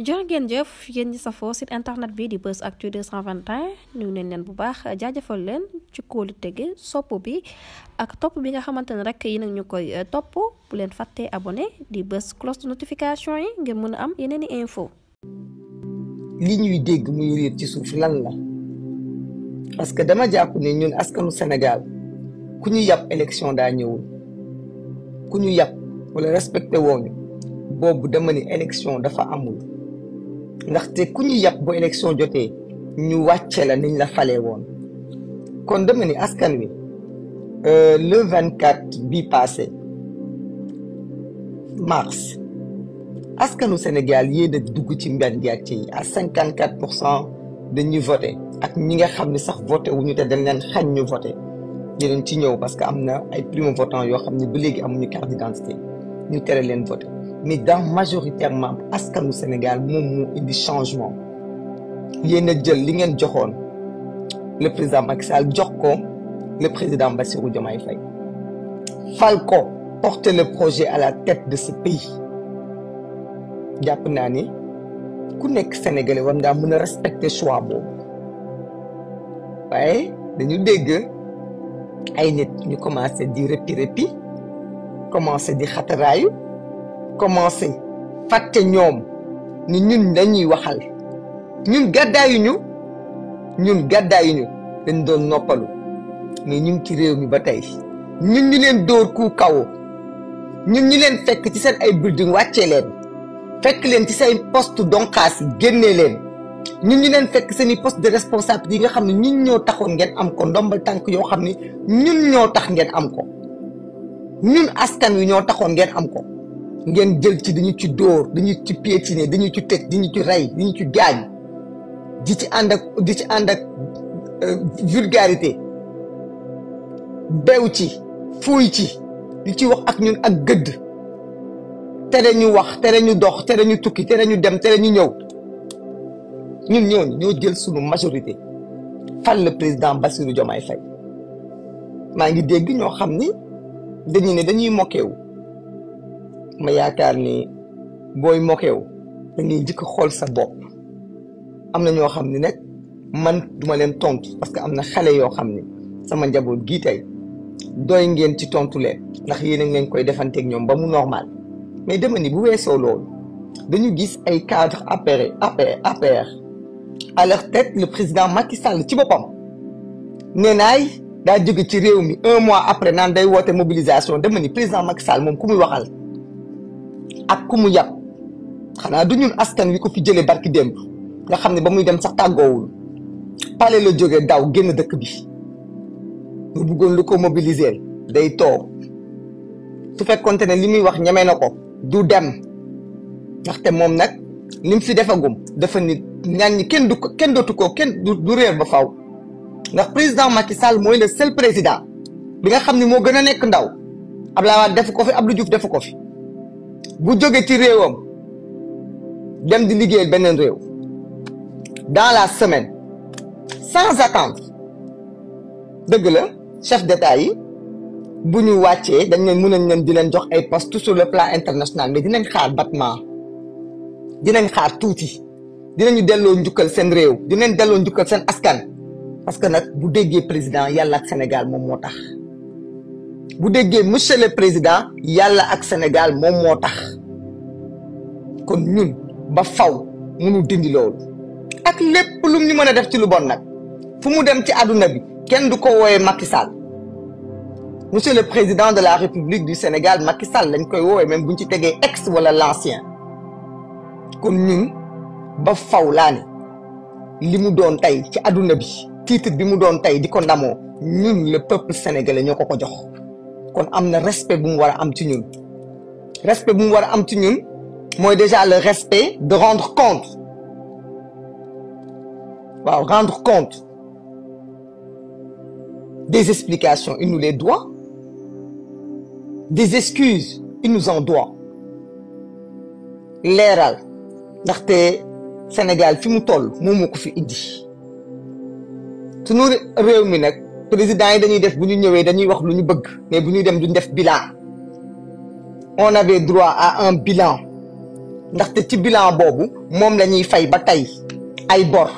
jërë ngeen jëf yéen ñi safoo site internet bi di Buzz Actu 221 ñu neen leen bu baax jaajëfal leen ci kóolu tege sopp bi ak topp bi nga xamante ne rek yi nag ñu koy eh, topp bu leen fàttee abone di bës cloche de notification yi ngir mën a am yeneen i info li ñuy dégg muy réer ci suuf lan la parce que dama jàpp ne ñun askanu Sénégal ku ñu yàpp élection daa ñëwul ku ñu yàpp wala respecté wooñu boobu dama ne élection dafa amul ndaxte ku ñu yàpp ba élection jotee ñu wàcce la niñ la falee woon kon dama ni askan wi euh, le 24 bi passé mars askanu Sénégal yéen a dugg ci mbenn gi ak ci à 54 pour cent dañuy voté ak ñi nga xam ni sax voté wuñu te dañ leen xañ ñu voté dinañ ci ñëw parce que am na ay primo votants yoo xam ne ba léegi amuñu carte d'identité ñu tere leen voté mais dans majoritairement askanu Sénégal moom moo indi changement yéen a jël li ngeen joxoon le président Macky Sall jox ko le président Bassirou Diomaye Faye fal ko porter le projet à la tête de ce pays jàpp naa ni ku nekk Sénégalais war ngaa mën a respecter choix boobu waaye dañu dégg ay nit ñu commencé di rëppi rëppi commencé di xataraayu commencé fàtte ñoom ni ñun dañuy waxal ñun gàddaayuñu ñun gàddaayuñu dañ doon noppalu mais ñu ngi réew mi ba tey ñun ñu leen dóor ku kaw ñun ñu leen fekk ci seen ay building wàccee leen fekk leen ci seen poste donkaas yi génnee leen ñun ñu leen fekk seen i poste de responsabilité yi nga xam ne ñun ñoo taxoon ngeen am ko ndombal tànk yoo xam ne ñun ñoo tax ngeen am ko ñun askan wi ñoo taxoon ngeen am ko ngeen jël ci dañu ci dóor dañu ci piétiner dañu ci tëj dañu ci rey dañu ci gaañ di ci ànd ak di ci ànd ak euh, vulgarité bew ci fuuy ci di ci wax ak ñun ak gëdd tere ñu wax tere ñu dox tere ñu tukki tere ñu dem tere ñu ñëw ñun ñooñu ñoo jël sunu majorité fal le président Bassirou Diomaye Faye maa ngi dégg ñoo xam ni dañu ne dañuy mokkeewu ma yaakaar ni booy mokew da ngay jëkk xool sa bopp am na ñoo xam ni nag man duma leen tontu parce que am na xale yoo xam ni sama njaboot gii tey doy ngeen ci tontu le ndax yéen a ngeen koy defanteeg ñoom ba mu normal mais dama ni bu weesoo loolu dañu gis ay cadre APR APR APR à leur tête le président Macky Sall ci boppam nee naay daa jóge ci réew mi un mois après naan day woote mobilisation dama ni président Macky Sall moom ku muy ak ku mu xanaa du ñun askan wi ko fi jëlee barki démb nga xam ne ba muy dem sax tàggoowul pare la jóge daw génn dëkk bi mu bëggoon lu ko mobiliser day toog su fekkonte ne li muy wax ñeme na ko du dem ndaxte moom nag lim fi defagum dafa nit ñaan kenn du ko kenn dootu ko kenn du reer ba faw ndax président Macky Sall mooy le sel président bi nga xam ne moo gën a nekk ndaw Abdoulaye Wade def ko fi Abdou Diouf def ko fi bu jógee ci réewam dem di liggéeyal beneen réew dans la semaine sans attendre dëgg la chef d'état yi bu ñu wàccee dañ leen mën nañ leen di leen jox ay poste sur le plan international mais dinañ xaar battement dinañ xaar tuuti dinañu delloo njukkal seen réew di dinañ delloo njukkal seen askan parce que nag bu déggee président yàlla ak Sénégal moom moo tax bu déggee monsieur le président yàlla ak Sénégal moom moo tax kon ñun ba faw munu dindi loolu ak lépp lum ñu mën a def ci lu bon nag fu mu dem ci àdduna bi kenn du ko wooyee Macky Sall monsieur le président de la république du Sénégal Macky Sall lañ koy woowee même buñ ci tegee ex wala l'ancien kon ñun ba faw laa ne li mu doon tey ci àdduna bi titre bi mu doon tey di ko ndamoo ñun la peuple sénégalais ñoo ko ko jox kon am na respect bu mu war a am ci ñun respect bu mu war a am ci ñun mooy déjà le respect de rendre compte waaw rendre compte des explications il nous les doit des excuses il nous en doit leeral ndaxte Sénégal fi mu toll moo ko fi indi sunu réew mi nag président yi dañuy def bu ñu ñëwee dañuy wax lu ñu bëgg mais bu ñuy dem duñ def bilan on avait droit à un bilan ndaxte ci bilan boobu moom la ñuy fay ba tey ay bor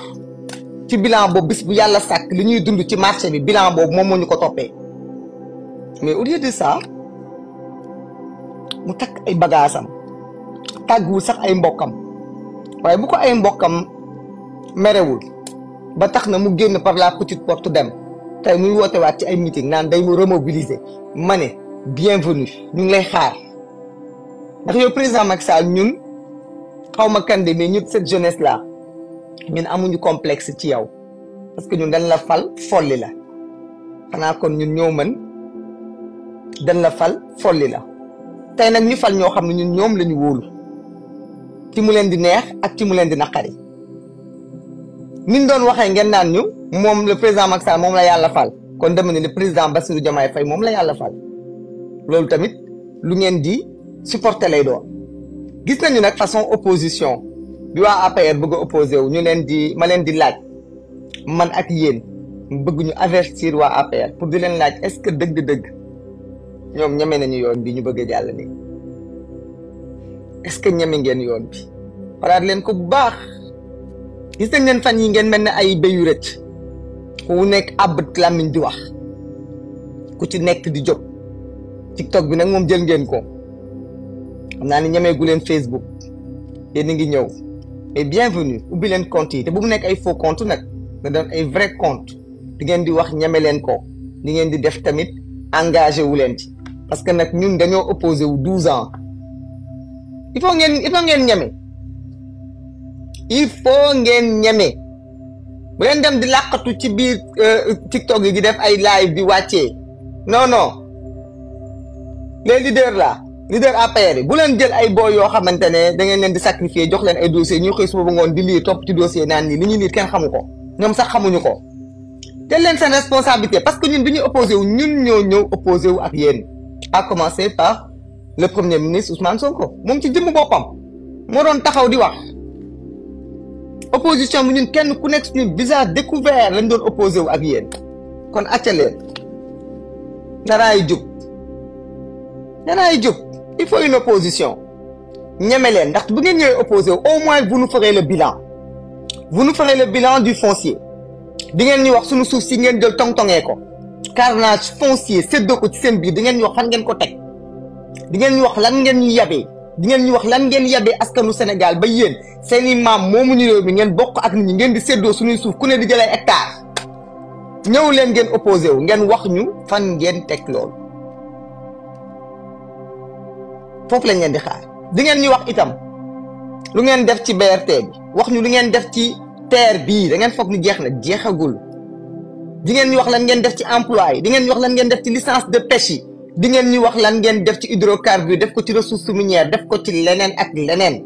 ci bilan boobu bis bu yàlla sàkk li ñuy dund ci marché bi bilan boobu moom moo ñu ko toppee mais au lieu de ça mu takk ay bagaasam tàgguwul sax ay mbokkam waaye bu ko ay mbokkam merewul ba tax na mu génn par la petite porte dem tey muy woote waat ci ay meeting naan day mu remobiliser ma ne bienvenue ñu ngi lay xaar ndax yow président mag Sall ñun xaw ma kan de mais ñun cette jeunesse là ñun amuñu complexe ci yow parce que ñun dañ la fal folli la xanaa kon ñun ñoo mën dañ la fal folli la tey nag ñu fal ñoo xam ne ñun ñoom la ñu ci mu leen di neex ak ci mu leen di naqari niñ doon waxee ngeen naan ñu. moom la président Macky Sall moom la yàlla fal kon dama ne le président Bassirou Diomaye Faye moom la yàlla fal loolu tamit lu ngeen di supporter lay doon gis nañu nag façon opposition bi waa APR bëgg a wu ñu leen di ma leen di laaj man ak yéen bëgg ñu avertir waa APR pour di leen laaj est-ce que dëgg-dëgg ñoom ñeme nañu yoon bi ñu bëgg a jàll ni est-ce que ñeme ngeen yoon bi xalaat leen ko bu baax gis nañ leen fan yi ngeen mel ne ay béyu rëcc ku nekk àbbat làmmiñ di wax ku ci nekk di jóg tiktok bi nag moom jël ngeen ko xam naa ni ñemeegu leen facebook yéen a ngi ñëw mais bienvenue ubbi leen compte yi te bu mu nekk ay foo compte nag nga doon ay vrai compte di ngeen di wax ñeme leen ko di ngeen di def tamit engagé wu leen ci parce que nag ñun dañoo opposé wu douze ans il faut ngeen il ngeen ñeme il faut ngeen ñeme bu leen dem di làqatu ci biir euh, TikTok yi di def ay live di wàccee non non les leaders là leader APR yi bu leen jël ay booy yoo xamante ne da ngeen leen di sacrifier jox leen ay dossier ñuy xëy suba ba ngoon di lire topp ci dossier naan nii li ñuy lire kenn xamu ko ñoom sax xamuñu ko te leen seen responsabilité parce que ñun bi ñuy opposé wu ñun ñoo ñëw opposé wu ak yéen à commencer par le premier ministre Ousmane Sonko moom ci jëmm boppam moo doon taxaw di wax opposition bi ñun kenn ku nekk suñu visage découvert la doon opposé wu ak yéen kon acca leen naraay jub naraay jub il faut une opposition ñeme leen ndax bu ngeen ñëwee opposé wu au moins vous nous ferez le bilan vous nous ferez le bilan du foncier di ngeen ñu wax suñu suuf si ngeen jël tong-tongee ko naa foncier séddoo ko ci seen biir di ngeen ñu wax fan ngeen ko teg di ngeen ñu wax lan ngeen ñu yabee di ngeen ñu wax lan ngeen yàbbee askanu Sénégal ba yéen seeni maam maam moomuñu réew mi ngeen bokk ak nit ñi ngeen di séddoo suñuy suuf ku ne di jëlee hectare ñëw leen ngeen opposé wu ngeen wax ñu fan ngeen teg loolu foofu lañ leen di xaar di ngeen ñu wax itam lu ngeen def ci BRT bi wax ñu lu ngeen def ci TER bi dangeen ngeen foog ni jeex na jeexagul di ngeen ñu wax lan ngeen def ci emploi yi di ngeen ñu wax lan ngeen def ci licence de pêche yi. di ngeen ñu wax lan ngeen def ci hydrocarbures def ko ci ressource minière def ko ci leneen ak leneen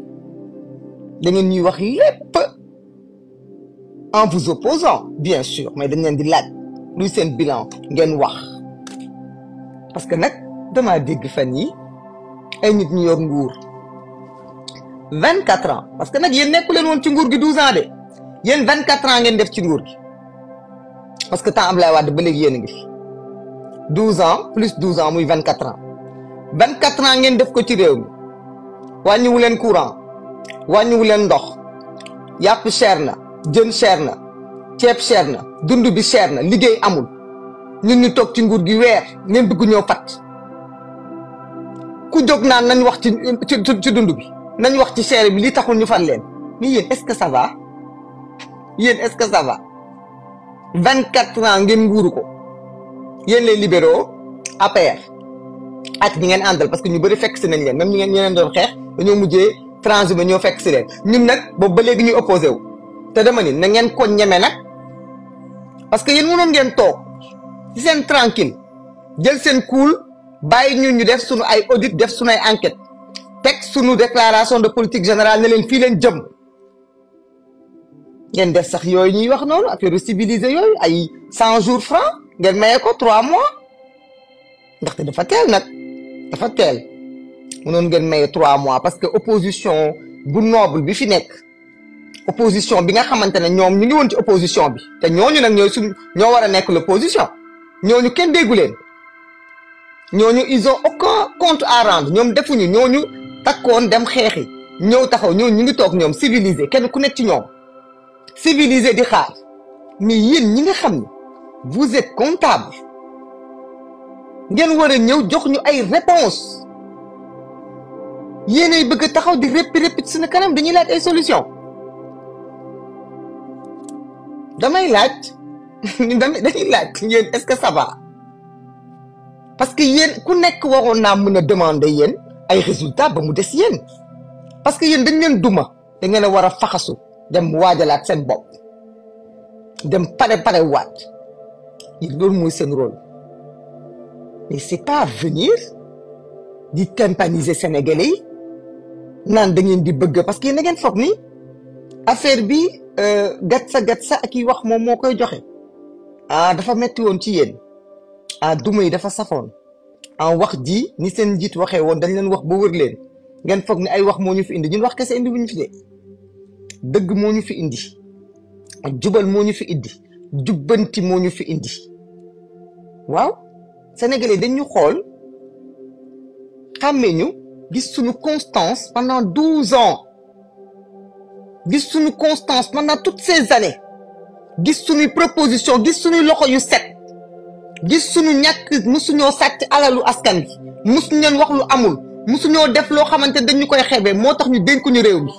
da ngeen ñuy wax lépp en vous opposant bien sûr mais dañ leen di laaj luy seen bilan ngeen wax parce que nag damaa dégg fan yi ay nit ñu yor nguur vingt quatre ans parce que nag yéen nekku leen woon ci nguur gi douze ans de yéen vingt quatre ans ngeen def ci nguur gi parce que temps Abdoulaye Wade ba léegi yéen a ngi fi douze ans plus douze ans muy vingt quatre ans vingt quatre ans ngeen def ko ci réew mi wàññiwu leen courant wàññiwu leen ndox yàpp cher na jën cher na ceeb cher na dund bi cher na liggéey amul ñun ñu toog ci nguur gi weer ngeen dugg ñoo fat ku jóg naan nañ wax ci ci dund bi nañ wax ci cher bi li taxul ñu fal leen mais yéen est-ce que ça va yéen est-ce que ça va vingt quatre ans ngeen nguuru ko yéen les libéraux APR ak ñi ngeen àndal parce que ñu bëri fekk si nañ leen même ñi ngeen ñeneen doon xeex dañoo mujjee transhumé ñoo fekk si leen ñun nag boobu ba léegi ñuy opposé wu te dama ni na ngeen ko ñeme nag parce que yéen mënoon ngeen toog ci seen tranquille jël seen cool bàyyi ñun ñu def suñu ay audit def suñu ay enquête teg suñu déclaration de politique générale ne leen fii leen jëm ngeen def sax yooyu ñuy wax noonu affaire civilisé yooyu ay cent jours francs ngeen mayee ko trois mois ndaxte dafa teel nag dafa teel noonu ngeen maye trois mois parce que opposition bu noble bi fi nekk opposition bi nga xamante ne ñoom ñu ngi woon ci opposition bi te ñooñu nag ñooy suñ ñoo war a nekk l'opposition ñooñu kenn déggu leen ñooñu ils ont aucun compte à rendre ñoom defuñu ñooñu takkoon dem xeexi ñëw taxaw ñooñu ñu ngi toog ñoom civilisé kenn ku nekk ci ñoom civilisé di xaar mais yéen ñi nga xam ni vous êtes comptable ngeen war ñëw jox ñu ay réponse yéenay bëgg taxaw di réppi réppi ci seen kanam dañuy laaj ay solution damay laaj dañuy laaj yéen est-ce que ça parce que yéen ku nekk waroon naa mën a demander yéen ay résultats ba mu des yéen parce que yéen dañ leen duma da ngeen a war a faxasu dem waajalaat seen bopp dem pare pare waat loolu mooy seen rôle mais c'est pas venir di tympaniser sénégalais yi naan da ngeen di bëgg parce que na ngeen foog ni affaire bi euh, gatsa gatsa ak i wax moom moo koy joxe ah dafa metti woon ci yéen ah duma yi dafa safoon en wax ji ni seen njiit waxee woon dañ leen wax ba wër leen ngeen foog ni ay wax moo ñu fi indi ñun wax kese indi wuñu fi de dëgg mooñu fi indi ak jubal moo ñu fi indi jubbanti moo ñu fi indi waaw sénégalais dañu xool xàmmee ñu gis suñu constance pendant douze ans gis suñu constance pendant toutes ces années gis suñuy proposition gis suñuy loxo yu set gis suñu ñàkk musuñoo sàcc alalu askan bi musuñu leen wax lu amul musuñoo def loo xamante dañu koy xeebee moo tax ñu dénkuñu réew mi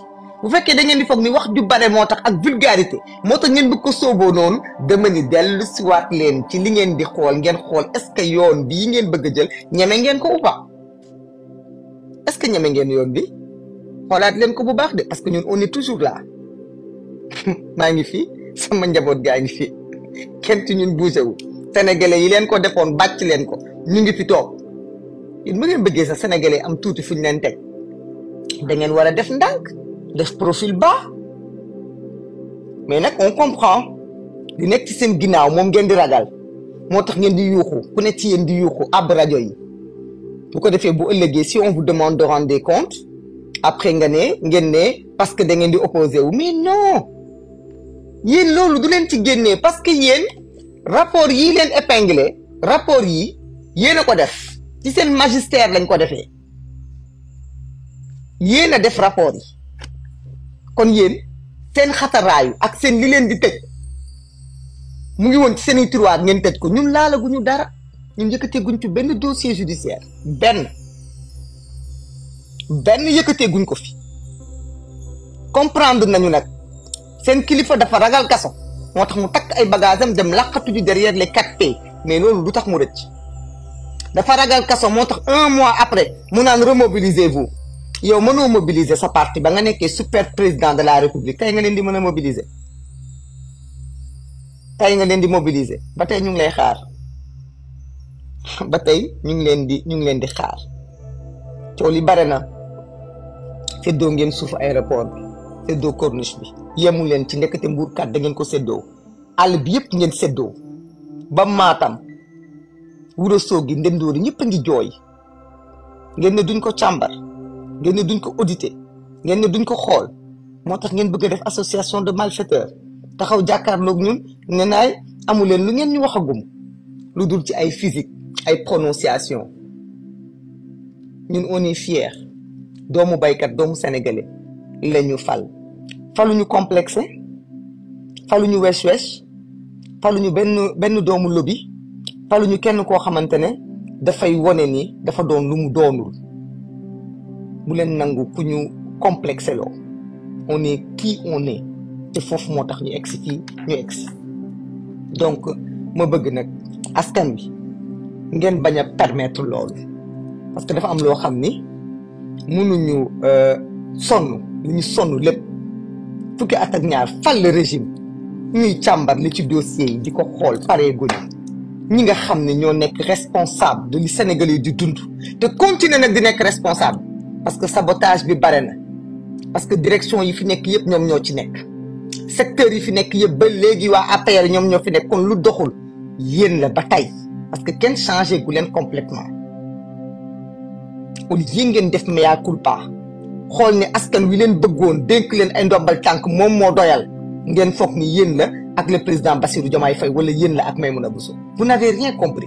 bu fekkee da ngeen di foog ni wax ju bare moo tax ak vulgarité moo tax ngeen bëgg ko sooboo noonu dama ni dellu siwaat leen ci li ngeen di xool ngeen xool est-ce que yoon bii ngeen bëgg a jël ñeme ngeen ko ou pas est-ce que ñeme ngeen yoon bi xoolaat leen ko bu baax de parce que ñun on est toujours là maa ngi fi sama njaboot gaa ngi fi kenn ci ñun bougé wu sénégalais yi leen ko defoon bàcc leen ko ñu ngi fi toog yéen bu ngeen bëggee sax sénégalais am tuuti fu ñu leen teg da ngeen war a def ndànk. def profil bas mais nag on comprend li nekk ci seen ginnaaw moom ngeen di ragal moo tax ngeen di yuuxu ku ne ci yéen di yuuxu ab rajo yi bu ko defee bu ëllëgee si on vous demande de rendre après nga ne ngeen ne parce que da ngeen di opposé wu mais non yéen loolu du leen ci génnee parce que yéen rapport yii leen épinglé rapport yi yéen a ko def ci seen magistère lañ ko defee yéen a def rapport yi kon yéen seen xataraayu ak seen li leen di tëj mu ngi woon ci seen i tiroir ngeen tëj ko ñun laalaguñu dara ñun yëkkatee guñ ci benn dossier judiciaire benn benn yëkkatee guñ ko fi comprendre nañu nag seen kilifa dafa ragal kaso moo tax mu takk ay bagages am dem laqatu ji derrière le 4P mais loolu du tax mu rëcc dafa ragal kaso moo tax un mois après mun naan remobilisez-vous yow mënoo mobiliser sa parti ba nga nekkee super président de la république tey nga leen di mën a mobiliser tey nga leen di mobiliser ba tey ñu ngi lay xaar ba tey ñu ngi leen di ñu ngi leen di xaar coow li bare na séddoo ngeen suuf aéroport bi séddoo corniche bi yemu leen ci ndekete mbuurkat da ngeen ko séddoo àll bi yëpp ngeen séddoo ba maatam wuro soog gi ndendoori ñëpp a ngi jooy ngeen ne duñ ko càmbar ngeen ne duñ ko auditer ngeen ne duñ ko xool moo tax ngeen bëgg a def association de malfaiteurs taxaw jàkkaarloog ñun ne naay amu leen lu ngeen ñu waxagum lu dul ci ay physique ay prononciation ñun on est fier doomu baykat doomu sénégalais la ñu fal faluñu complexe faluñu wesh wesh faluñu benn benn doomu lobby faluñu kenn koo xamante ne dafay wone nii dafa doon lu mu doonul bu leen nangu ku ñu complexé loo on est qui on est te foofu moo tax ñu egsi fii ñu egsi donc ma bëgg nag askan bi ngeen bañ a permettre loolu parce que dafa am loo xam ni mënuñu euh, sonn lu ñu sonn lépp fukki at ak ñaar fal le régime ñuy càmbar li ci dossier yi di ko xool paree guñu ñi nga xam ni ñoo nekk responsable de li Sénégalais yi di dund te continuer nag di nekk responsable parce que sabotage bi bare na parce que direction yi fi nekk yëpp ñoom ñoo ci nekk secteur yi fi nekk yëpp ba léegi waa APR ñoom ñoo fi nekk kon lu doxul yéen la ba tey parce que kenn changé gu leen complètement kon yéen ngeen def mea culpa xool ne askan wi leen bëggoon dénk leen ay ndombal tànk moom moo doyal ngeen foog ni yéen la ak le président Bassirou Diomaye fay wala yéen la ak Maïmouna Bousso vous n'avez rien compris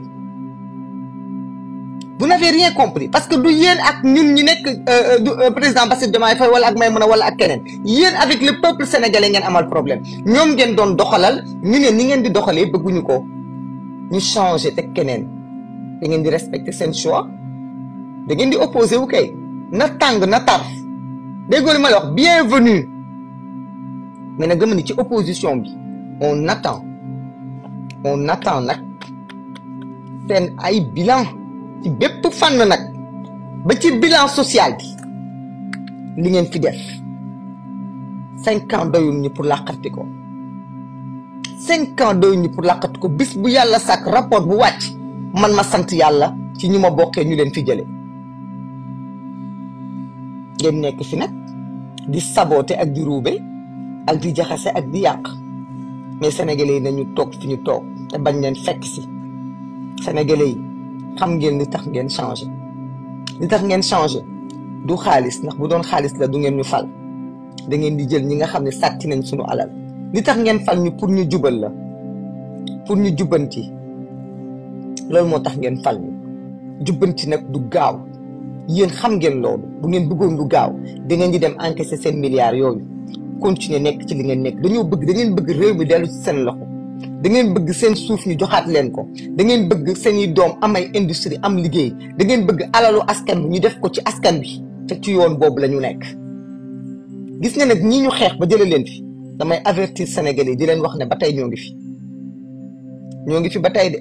bu vous n'avez rien compris parce que du yéen ak ñun ñi nekk euh, euh, euh, président Bassirou Diomaye Faye wala ak Maïmouna wala ak keneen yéen avec le peuple sénégalais ngeen amal problème ñoom ngeen doon doxalal ñu ne ni ngeen di doxalee bëgguñu ko ñu changé te keneen da ngeen di respecter seen choix da ngeen di opposé wu kay na tàng na tar déggoo li ma la wax bienvenue mais na ci opposition bi on attend on attend nag seen ay bilan ci bépp fànn nag ba ci bilan social bi li ngeen fi def cinq ans doyul ñu pour làqati ko cinquant ans doyul ñu pour làqati ko bis bu yàlla sàkk rapport bu wàcc man ma sant yàlla ci ñu ma bokkee ñu leen fi jële ngeen nekk fi nag di saboote ak di ruube ak di jaxase ak di yàq mais sénégalais yi nañu toog fi ñu toog te bañ leen fekk si sénégalais yi xam ngeen li tax ngeen changé li tax ngeen changé du xaalis ndax bu doon xaalis la du ngeen ñu fal da ngeen di jël ñi nga xam ne sàcc nañ suñu alal li tax ngeen fal ñu pour ñu jubal la pour ñu jubbanti loolu moo tax ngeen fal ñu jubbanti nag du gaaw yéen xam ngeen loolu bu ngeen buggoon lu gaaw da ngeen di dem encaisser seen milliards yooyu continuer nekk ci li ngeen nekk dañoo bëgg da ngeen bëgg réew mi dellu seen loxo da ngeen bëgg seen suuf yi joxaat leen ko da ngeen bëgg seen i doom am ay industrie am liggéey da ngeen bëgg alalu askan bi ñu def ko ci askan bi te ci yoon boobu la ñu nekk. gis nga nag ñii ñu xeex ba jëlee leen fi damay avertir Sénégalais yi di leen wax ne ba tey ñoo ngi fi ñoo ngi fi ba tey de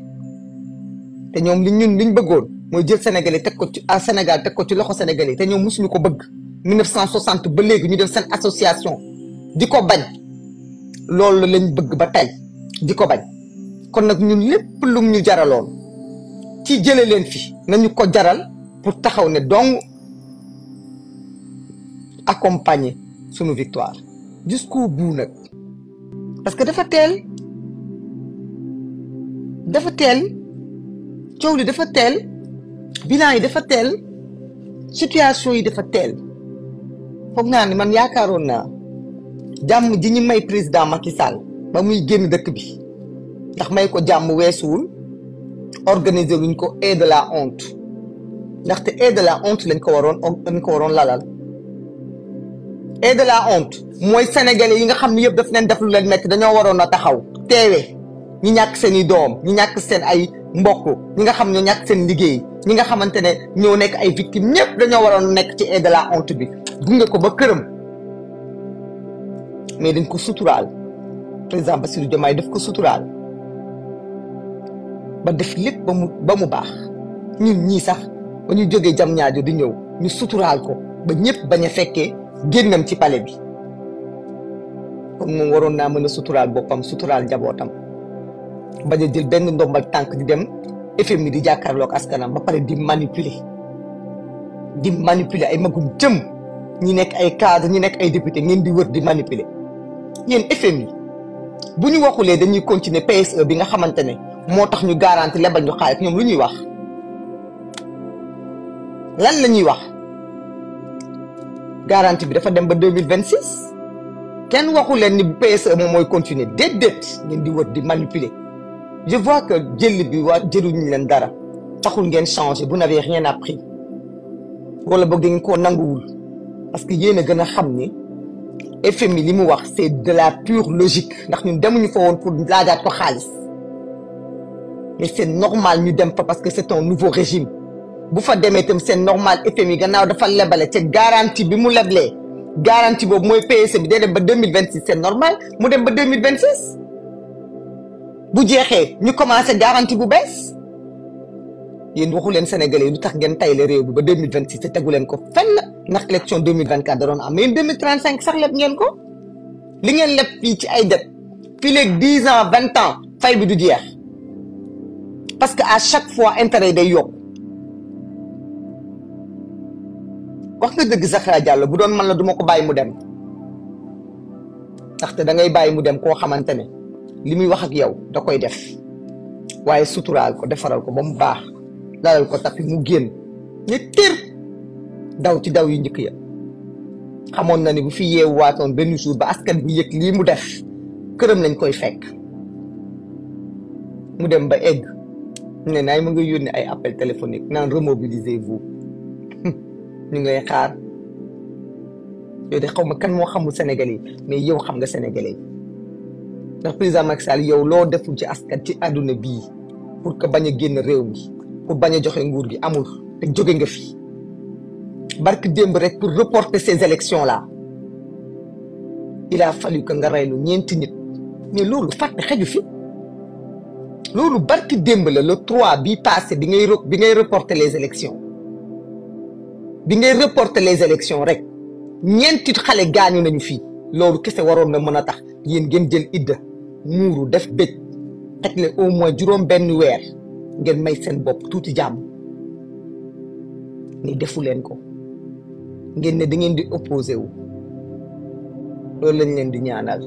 te ñoom li ñun liñ bëggoon mooy jël Sénégalais teg ko ci a Sénégal teg ko ci loxo Sénégalais te ñoom mosuñu ko bëgg. 1960 ba léegi ñu def seen association di ko bañ loolu lañ bëgg ba tey. di ko bañ kon nag ñun lépp lum ñu jaraloon ci jële leen fii nañu ko jaral pour taxaw ne dong accompagner sunu victoire jusqu'au bout nag parce que dafa teel dafa teel coow li dafa teel bilan yi dafa teel situation yi dafa teel foog naa ne man yaakaaroon naa jàmm ji ñu may président Macky Sall ba muy génn dëkk bi ndax may ko jàmm weesuwul organiser wuñ ko et de la honte ndaxte et de la honte lañ ko waroon lañ ko waroon lalal et de la honte mooy sénégalais yi nga xam ne yëpp daf leen def lu leen metti dañoo waroon a taxaw teewee ñi ñàkk seen i doom ñi ñàkk seen ay mbokk ñi nga xam ñoo ñàkk seen liggéey ñi nga xamante ne ñoo nekk ay victimes ñëpp dañoo waroon nekk ci et de la honte bi gunge ko ba këram mais dañ ko suturaal président Bassirou Diomaye daf ko suturaal ba def lépp ba mu baax ñun ñii sax ba ñu jógee jam ñaajo di ñëw ñu suturaal ko ba ñëpp ba a fekkee génnam ci palais bi kon moom waroon naa mën a suturaal boppam suturaal njabootam bañ a jël benn ndombal tànk di dem FMI di jàkkaarloog askanam ba pare di manipuler di manipuler ay magum jëm ñi nekk ay cadre ñi nekk ay député ngeen di wër di manipuler yéen FMI bu ñu waxulee dañuy continuer PSE bi nga xamante ne moo tax ñu garanti lebal ñu xaalis ñoom lu ñuy wax lan la ñuy wax garanti bi dafa dem ba deux mille vingt kenn waxu leen ni PSE moom mooy continuer déedéet ngeen di wër di manipuler je vois que jël bi waa jëluñu leen dara taxul ngeen changer bu n'avez rien appris wala boog da koo nanguwul parce que yéen a gën a xam ni. FMI li mu wax c'est de la pure logique ndax ñu demuñu fa woon pour laajaat ko xaalis mais c'est normal ñu dem fa parce que c'est un nouveau régime bu fa demee itam c'est normal FMI gannaaw dafa lebale te garantie bi mu leblee garantie boobu mooy PSE bi day dem ba deux mille vingt six c'est normal mu dem ba deux mille vingt bu jeexee ñu commencé garanti bu bees yéen waxu leen Sénégalais yi lu tax ngeen tayle réew bi ba deux mille vingt six te tegu leen ko fenn. ndax élection 2024 da doon am mais 2035 sax leb ngeen ko li ngeen leb fii ci ay det fii léegi 10 ans 20 ans fay bi du jeex parce que à chaque fois intérêt yi day yokku wax nga dëgg Zahra Diallo bu doon man la duma ko bàyyi mu dem ndaxte da ngay bàyyi mu dem koo xamante ne li muy wax ak yow da koy def waaye suturaal ko defaral ko ba mu baax lalal ko tapi mu génn ne tër daw ci daw yi njëkk ya xamoon na ni bu fi yeewu waatoon benn jour ba askan bi yëg lii mu def këram lañ koy fekk mu dem ba egg ne naay mu ngi yónnee ay appel téléphonique naan remobilisez-vous ñu ngi lay xaar yow de xaw ma kan moo xamul Sénégalais yi mais yow xam nga Sénégalais yi ndax président Macky Sall yow loo deful ci askan ci àdduna bii pour que bañ a génn réew mi pour bañ a joxe nguur gi amul te jóge nga fi. barki démb rek pour reporter ces élections là il a fallu que nga reylu ñeenti nit mais loolu fàtte xeju fi loolu barki démb la le trois bi passé bi ngay bi ngay reporter les élections bi ngay reporter les élections rek ñeenti xale gaañu nañu fii loolu kese waroon na mën a tax yéen ngeen jël idda muuru def bëj teg le au moins juróom benn weer ngeen may seen bopp tuuti jàmm ni defu leen ko ngeen ne da ngeen di opposé wu loolu lañ leen di ñaanal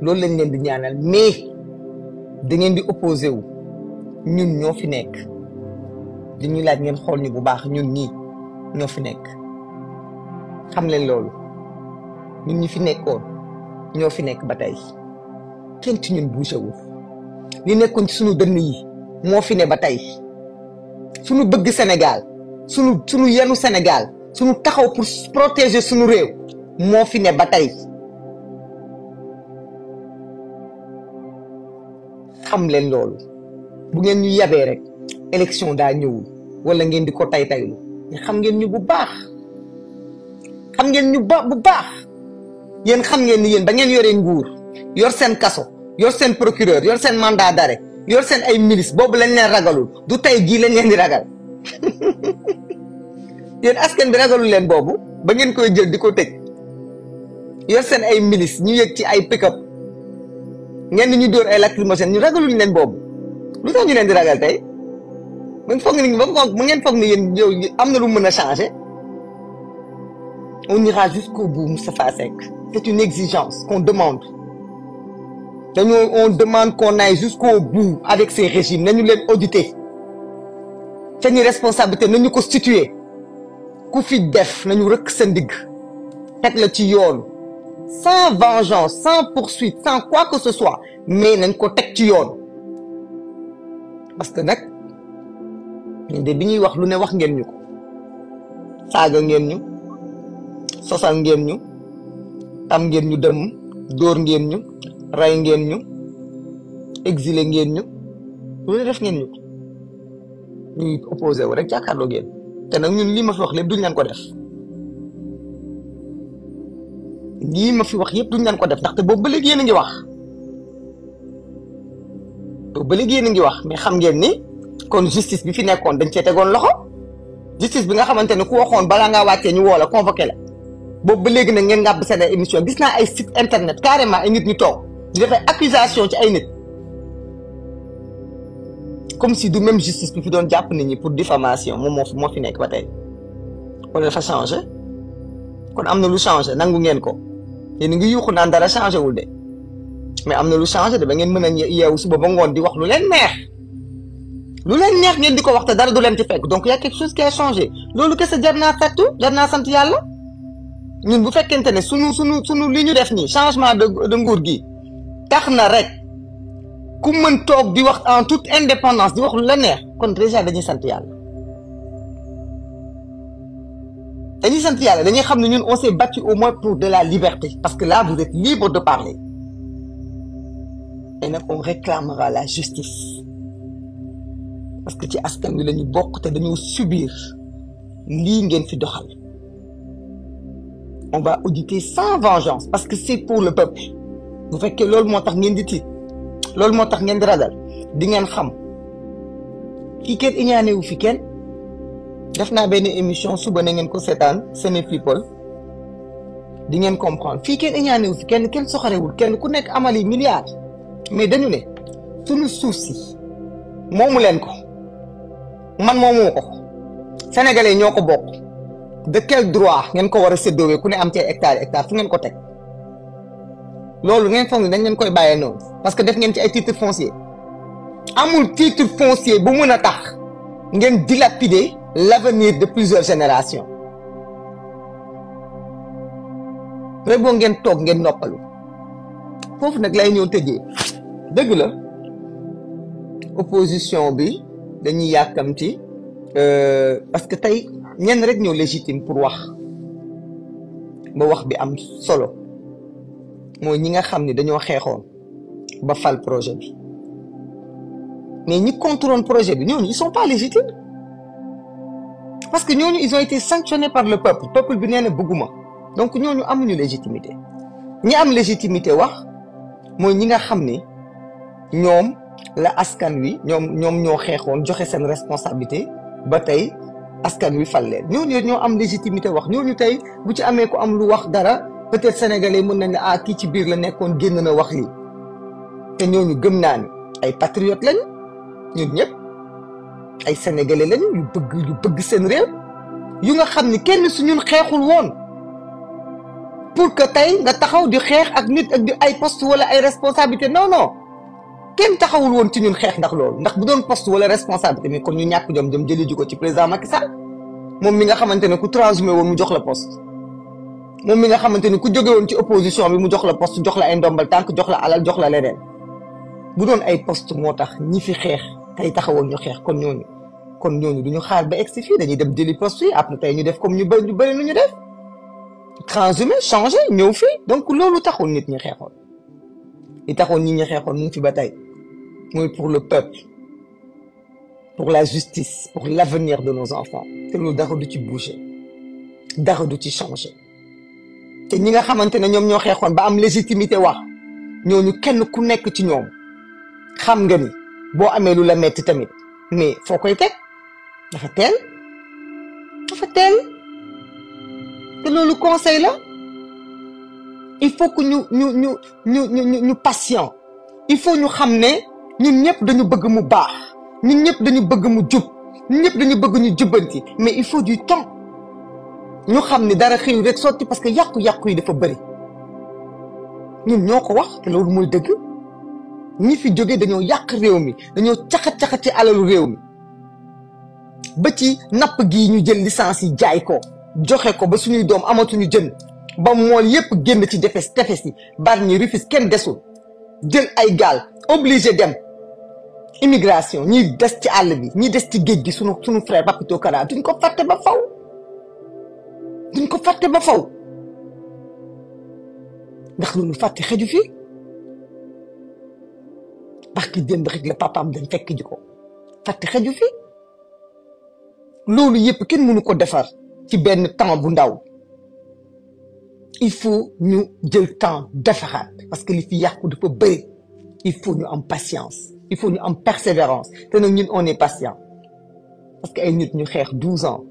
loolu lañ leen di ñaanal mais da ngeen di opposé wu ñun ñoo fi nekk li ñuy laaj ngeen xool ñu bu baax ñun ñii ñoo fi nekk xam leen loolu ñun ñi fi nekkoon ñoo fi nekk ba tey kenn ci ñun bougé wu li nekkoon ci dënn yi moo fi ne ba tey suñu bëgg senegaal sunu sunu yenu Sénégal sunu taxaw pour protéger sunu réew moo fi ne ba tey xam leen loolu bu ngeen ñu yabee rek élection daa ñëwul wala ngeen di ko tay taylu xam ngeen ñu bu baax xam ngeen ñu ba bu baax yéen xam ngeen ni yéen ba ngeen yoree nguur yor seen kaso yor seen procureur yor seen mandat d'arrêt yor seen ay milice boobu lañ leen ragalul du tey gii lañ leen di ragal yéen askan bi ragalu leen boobu ba ngeen koy jël di ko tëj yor seen ay milice ñu yëg ci ay pick-up ngeen ñu dóor ay lacrymogène ñu ragaluñ leen boobu lu tax ñu leen di ragal tey mu foog ni ba mu ngeen foog ni yéen yow am na lu mën a changer on ira jusqu'au bout Moustapha Seck c'est une exigence qu'on demande dañoo on demande qu'on aille jusqu'au bout avec ces régimes nañu leen auditer te ñi na ñu ko situé ku fi def nañu rëkk sa ndigg teg la ci yoonu sans vengeance sans poursuite sans quoi que ce soit mais nañ ko teg ci yoon parce que nag de bi ñuy wax lu ne wax ngeen ñu ko saaga ngeen ñu sosal ngeen ñu tam ngeen ñu dëmm dóor ngeen ñu rey ngeen ñu exilé ngeen ñu lu ne def ngeen ñu ko dañuy opposé wu rek jàkkaarloo ngeen te nag ñun lii ma fi wax lépp duñ leen ko def lii fi wax yëpp duñ leen ko def ndaxte boobu ba léegi yéen a ngi wax boobu ba léegi a ngi wax mais xam ngeen ni kon justice bi fi nekkoon dañ cee tegoon loxo justice bi nga xamante ne ku waxoon balaa ngaa wàccee ñu woola la convoqué la boobu ba léegi nag ngeen ngàbb seen ay émission gis naa ay site internet carrément ay nit ñu toog di def accusation ci ay nit. comme si du même justice bi fi doon jàpp nit ñi pour diffamation moom moo moo fi nekk ba tey wala dafa changé kon am na lu changé nangu ngeen ko yéen ngi yuuxu naan dara changé wul de mais am na lu changé de ba ngeen mën a yeewu suba ba ngoon di wax lu leen neex lu leen neex ngeen di ko wax te dara du leen ci fekk donc y a quelque chose qui a changé loolu kese jar naa fettu jar naa sant yàlla ñun bu fekkente ne sunu sunu sunu li ñu def nii changement de de nguur gi tax na rek. ku mën toog di wax en toute indépendance di wax lu kon déjà dañuy sant yàlla dañuy sant yàlla dañuy xam ne ñun on s'est battu au moins pour de la liberté parce que là vous êtes libre de parler et nag on parce que ci askan wi la ñu te dañoo subir lii ngeen fi doxal on va auditer sans vengeance parce que c'est pour le peuple bu fekkee loolu moo tax ngeen di tiit loolu moo tax ngeen di ragal di ngeen xam kii kenn iñaane wu fi kenn def naa benn émission suba na ngeen ko seetaan Sene People di ngeen comprendre fii kenn iñaane fi kenn kenn soxarewul kenn ku nekk amal amali milliard mais dañu ne suñu suuf si moomu leen ko man moomu ko sénégalais ñoo ko bokk de quel droit ngeen ko war a séddoowee ku ne am cee hectare hectare fu ngeen ko teg loolu ngeen foog ne dañ leen koy bàyyee noonu parce que def ngeen ci ay titre foncier amul titre foncier bu mën a tax ngeen dilapider l'avenir de plusieurs générations rek boo ngeen toog ngeen noppalu foofu nag lay ñëw tëjee dëgg la opposition bi dañuy yàkkamti euh, parce que tey ñenn rek ñoo légitime pour wax ba wax bi am solo mooy ñi nga xam ni dañoo xeexoon ba fal projet bi mais ñi contrôle projet bi ñooñu ils sont pas légitimes parce que ñooñu ils ont été sanctionnés par le peuple peuple bi nee na bëgguma donc ñooñu amuñu légitimité ñi am légitimité wax mooy ñi nga xam ni ñoom la askan wi ñoom ñoom ñoo xeexoon joxe seen responsabilité ba tey askan wi fal leen ñooñu ñoo am légitimité wax ñooñu tey bu ci amee ko am lu wax dara peut-être sénégalais mën nañ ne ah kii ci biir la nekkoon génn na wax lii te ñooñu gëm naa ne ay patriotes lañ ñun ñëpp ay sénégalais lañ yu bëgg yu seen réew yu nga xam ni kenn su ñun xeexul woon pour que tey nga taxaw di xeex ak nit ak di ay poste wala ay responsabilité non non kenn taxawul woon ci ñun xeex ndax loolu ndax bu doon poste wala responsabilité mi kon ñu ñàkk jom jëm jëli ji ko ci président Macky Sall moom mi nga xamante ne ku transhumé woon mu jox la poste. moom mi nga xamante ni ku jóge woon ci opposition bi mu jox la poste jox la ay ndombal tànk jox la alal jox la leneen bu doon ay post moo tax ñi fi xeex tey taxawoon ñu xeex kon ñooñu kon ñooñu du ñu xaar ba ex fii dañuy dem jëli post yi après tey ñu def comme ñu bëri ñu bëri lu ñu def transhumé changé ñëw fii donc loolu taxoon nit ñi xeexoon li taxoon nit ñi xeexoon mu ngi fi ba tey mooy pour le peuple pour la justice pour l'avenir de nos enfants te loolu dara du ci bouger dara du ci changer te ñi nga xamante ne ñoom ñoo xeexoon ba am légitimité wax ñooñu kenn ku nekk ci ñoom xam nga ni boo amee lu la metti tamit mais foo koy teg dafa teel dafa teel te loolu conseil la il faut que ñu ñu ñu ñu ñu ñu patient il faut ñu xam ne ñun ñëpp dañu bëgg mu baax ñun ñëpp dañu bëgg mu jub ñun ñëpp dañu bëgg ñu jubbanti mais il faut du temps ñu xam ni dara xëy rek sotti parce que yàqu-yàqu yi dafa bari ñun ñoo ko wax te loolu mooy dëgg ñi fi jóge dañoo yàq réew mi dañoo caxa-caxa ci alalu réew mi ba ci napp gi ñu jël licence yi jaay ko joxe ko ba suñuy doom amatuñu jën ba mool yépp génn ci defes tefes yi bar ñi rufis kenn desul jël ay gaal obligé dem immigration ñi des ci àll bi ñi des ci géej gi sunu suñu frère Papito Kara duñ ko fàtte ba faw duñ ko fàtte ba faw ndax lu ñu fàtte xeju fii parce que démb rek la papaam dañ fekk ji ko fàtte xeju fii loolu yëpp kenn mënu ko defar ci benn temps bu ndaw il faut ñu jël temps defaraat parce que li fi yàqu dafa bëri il faut ñu am patience il faut ñu am persévérance te nag ñun on est patient parce que ay nit ñu xeex douze ans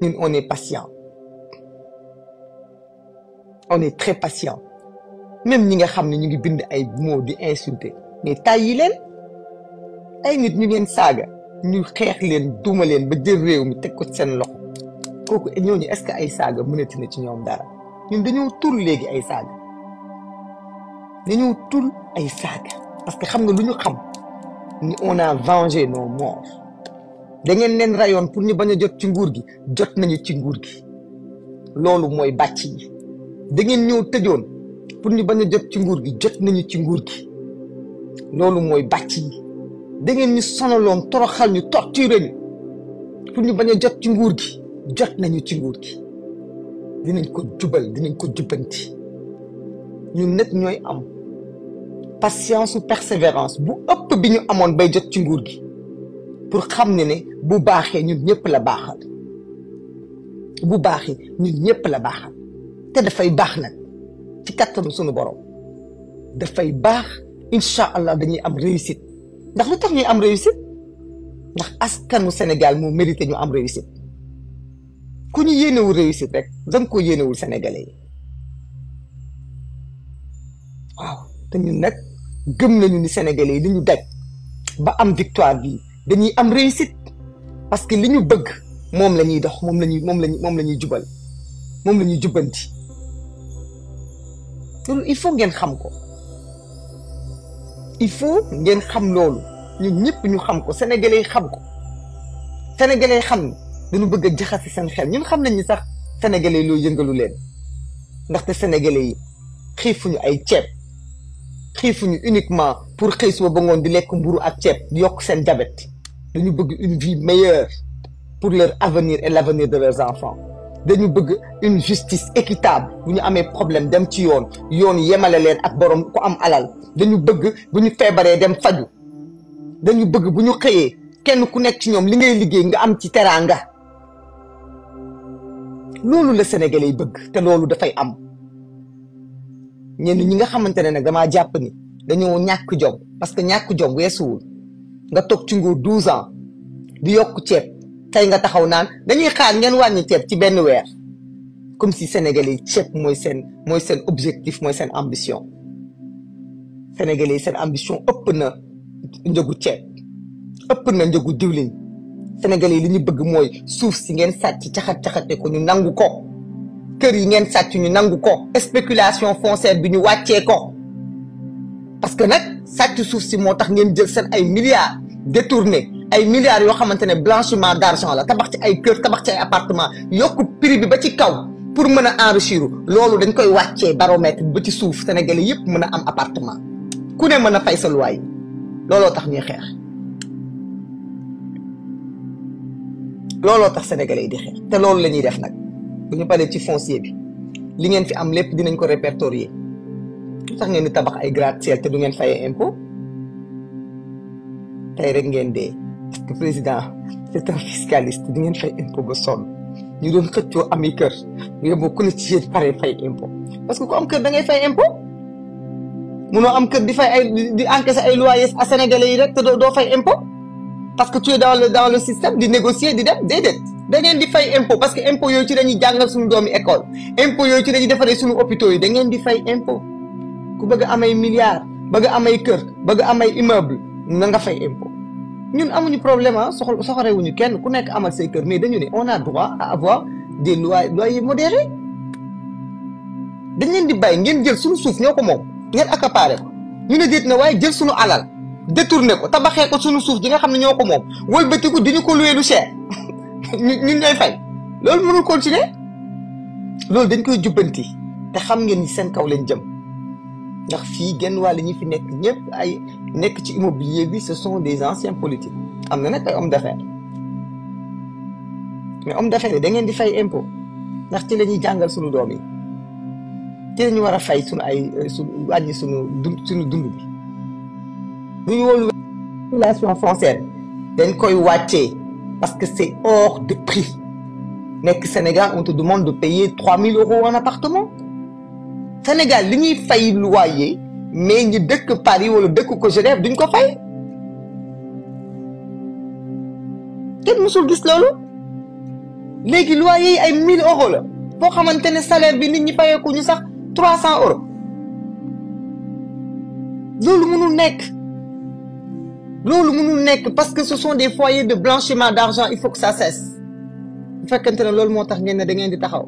ñun on est patient on est très patient même ñi nga xam ne ñu ngi bind ay mots di insulter mais tàyyi leen ay nit ñu ngeen saaga ñu xeex leen duma leen ba jël réew mi teg ko ci seen loxo kooku ñooñu est-ce que ay saaga mënati na ci ñoom dara ñu dañoo tul léegi ay saaga dañoo tul ay saaga parce que xam nga lu ñu xam ni on a vengé nos morts da ngeen leen rayoon pour ñu bañ a jot ci nguur gi jot nañu ci nguur gi loolu mooy bàcc yi da ngeen ñëw tëjoon pour ñu bañ a jot ci nguur gi jot nañu ci nguur gi loolu mooy bàcc yi da ngeen ñu sonaloon toroxal ñu torturer ñu pour ñu bañ jot ci nguur gi jot nañu ci nguur gi dinañ ko jubal dinañ ko jubbanti ñun nag ñooy am patience ou persévérance bu ëpp bi ñu amoon bay jot ci nguur gi pour xam ni ne bu baaxee ñu ñëpp la baaxal bu baaxee ñun ñëpp la baaxal te dafay baax nag ci kattanu suñu borom dafay baax incha allah dañuy am réussite ndax lu tax ñuy am réussite ndax askanu Sénégal moo mérité ñu am réussite ku ñu yéenewul réussite rek danga koo yéenewul sénégalais yi waaw te ñun nag gëm nañu ni sénégalais yi li ñu daj ba am victoire bi dañuy am réussite parce que li ñu bëgg moom la ñuy dox moom la ñuy moom la ñuy la ñuy jubal moom la ñuy jubbanti te il faut ngeen xam ko il faut ngeen xam loolu ñun ñëpp ñu xam ko sénégalais yi xam ko sénégalais yi xam ne dañu bëgg a jaxasi seen xel ñun xam nañ ni sax sénégalais yi loo yëngalu leen ndaxte sénégalais yi xiifuñu ay ceeb xiifuñu uniquement pour xëy suba ba ngoon di lekk mburu ak ceeb di yokk seen diabète dañu bëgg une vie meilleure pour leur avenir et l'avenir de leurs enfants dañu bëgg une justice équitable bu ñu amee problème dem ci yoon yoon yemale leen ak borom ku am alal dañu bëgg bu ñu feebaree dem faju dañu bëgg bu ñu xëyee kenn ku nekk ci ñoom li ngay liggéey nga am ci teraanga loolu la Sénégalais yi bëgg te loolu dafay am ñenn ñi nga xamante ne nag damaa jàpp ni dañoo ñàkk jom parce que ñàkk jom weesuwul nga toog ci nguur 12 ans di yokk ceeb. tey nga taxaw naan dañuy xaar ngeen ñi ceeb ci benn weer comme si sénégalais yi ceeb mooy seen mooy seen objectif mooy seen ambition sénégalais seen ambition ëpp na njëgu ceeb ëpp na njëgu diwlin sénégalais yi li ñu bëgg mooy suuf si ngeen sàcc caxat-caxate ko ñu nangu ko kër yi ngeen sàcc ñu nangu ko spéculation foncière bi ñu wàccee ko parce que nag sàcc suuf si moo tax ngeen jël seen ay milliards détourné ay milliards yoo xamante ne blanchiment d'argent la tabax ci ay kër tabax ci ay appartement yokku prix bi ba ci kaw pour mën a enrichir loolu dañ koy wàccee baromètre ba ci suuf Sénégalais yëpp mën a am appartement ku ne mën a fay sa luwaay looloo tax ñuy xeex looloo tax Sénégalais yi di xeex te loolu la ñuy def nag bu ñu paree ci foncier bi li ngeen fi am lépp dinañ ko répertorier lu tax ngeen di tabax ay gratte-ciel te du ngeen fayee impôt tey rek ngeen dee. te président état fiscaliste di ngeen fay impôt ba sonn ñu doon kër yóbbu ku ne ci yéen pare fay que am kër da ngay fay impôt munoo am kër di fay ay di encaisser ay loyers yi rek te doo fay impôt parce que tu es dans le dans le système di négocier di dem déedéet da ngeen di fay impôt parce que impôt yooyu ci dañuy jàngal suñu doomi école impôt yooyu ci dañuy defaree suñu hôpitaux yi da ngeen di fay impôt ku bëgg amay milliards bëgg amay kër bëgg amay immeuble na nga fay impôt ñun amuñu problème ah soxla soxorewuñu kenn ku nekk amal say kër mais dañu ne on a droit à avoir des lois loyers modérés dañ leen di bàyyi ngeen jël suñu suuf ñoo ko moom ngeen accaparé ko ñu ne déet na waaye jël suñu alal détourné ko tabaxee ko suñu suuf ji nga xam ne ñoo ko moom wëlbatiku diñu ko luwee lu cher ñun ñooy fay loolu mënul continuer loolu dañ koy jubbanti te xam ngeen ni seen kaw leen jëm. ndax fii genn wàll ñi fi nekk ñëpp ay nekk ci immobilier bi ce sont des anciens politiques am na nag ay hommes d'affaires mais hommes d'affaires yi da ngeen di fay impôt ndax ci lañuy jàngal suñu doom yi ci la ñu war a fay suñu ay euh, suñu wàññi suñu dund suñu dund bi bu ñu wóolu population foncière dañ koy wàccee parce que c'est hors de prix nekk Sénégal on te demande de payer trois mille euros un appartement Sénégal li ñuy fay loyer mais ñi dëkk Paris wala dëkk ko Genève duñ ko fay kenn mësul gis loolu léegi loyer yi ay 1000 la boo xamante ne salaire bi nit ñi fayeeku ñu sax 300 euros loolu mënul nekk loolu mënul nekk parce que ce sont des foyers de blanchiment d'argent il faut que ça cesse bu fekkente ne loolu moo tax ngeen ne da ngeen di taxaw.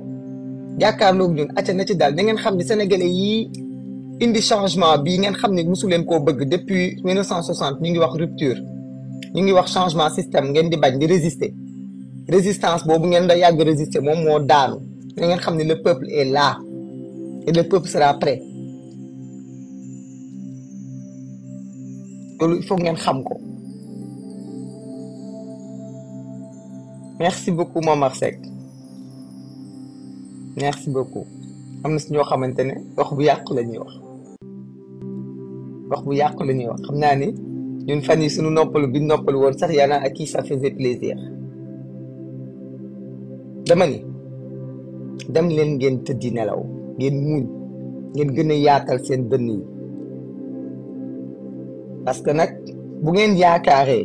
yaakaarloog ñun acca na ci daal da ngeen xam ni sénégalais yi indi changement bii ngeen xam ne mosu leen koo bëgg depuis 1960 ñu ngi wax rupture ñu ngi wax changement système ngeen di bañ di résister résistance boobu ngeen da yàgg résister moom moo daanu da ngeen xam ne le peuple est là et le peuple sera prêt loolu il ngeen xam ko merci beaucoup Momar Seck merci beaucoup am na si ñoo xamante ne wax bu yàqu la ñuy wax bu yàqu la ñuy wax xam naa ni ñun fan yi suñu noppalu bi noppalu woon sax yaa naan ak kii ça faisait plaisir dama ni dem leen ngeen tëddi nelaw ngeen muñ ngeen gën a yaatal seen dënn yi parce que nag bu ngeen yaakaaree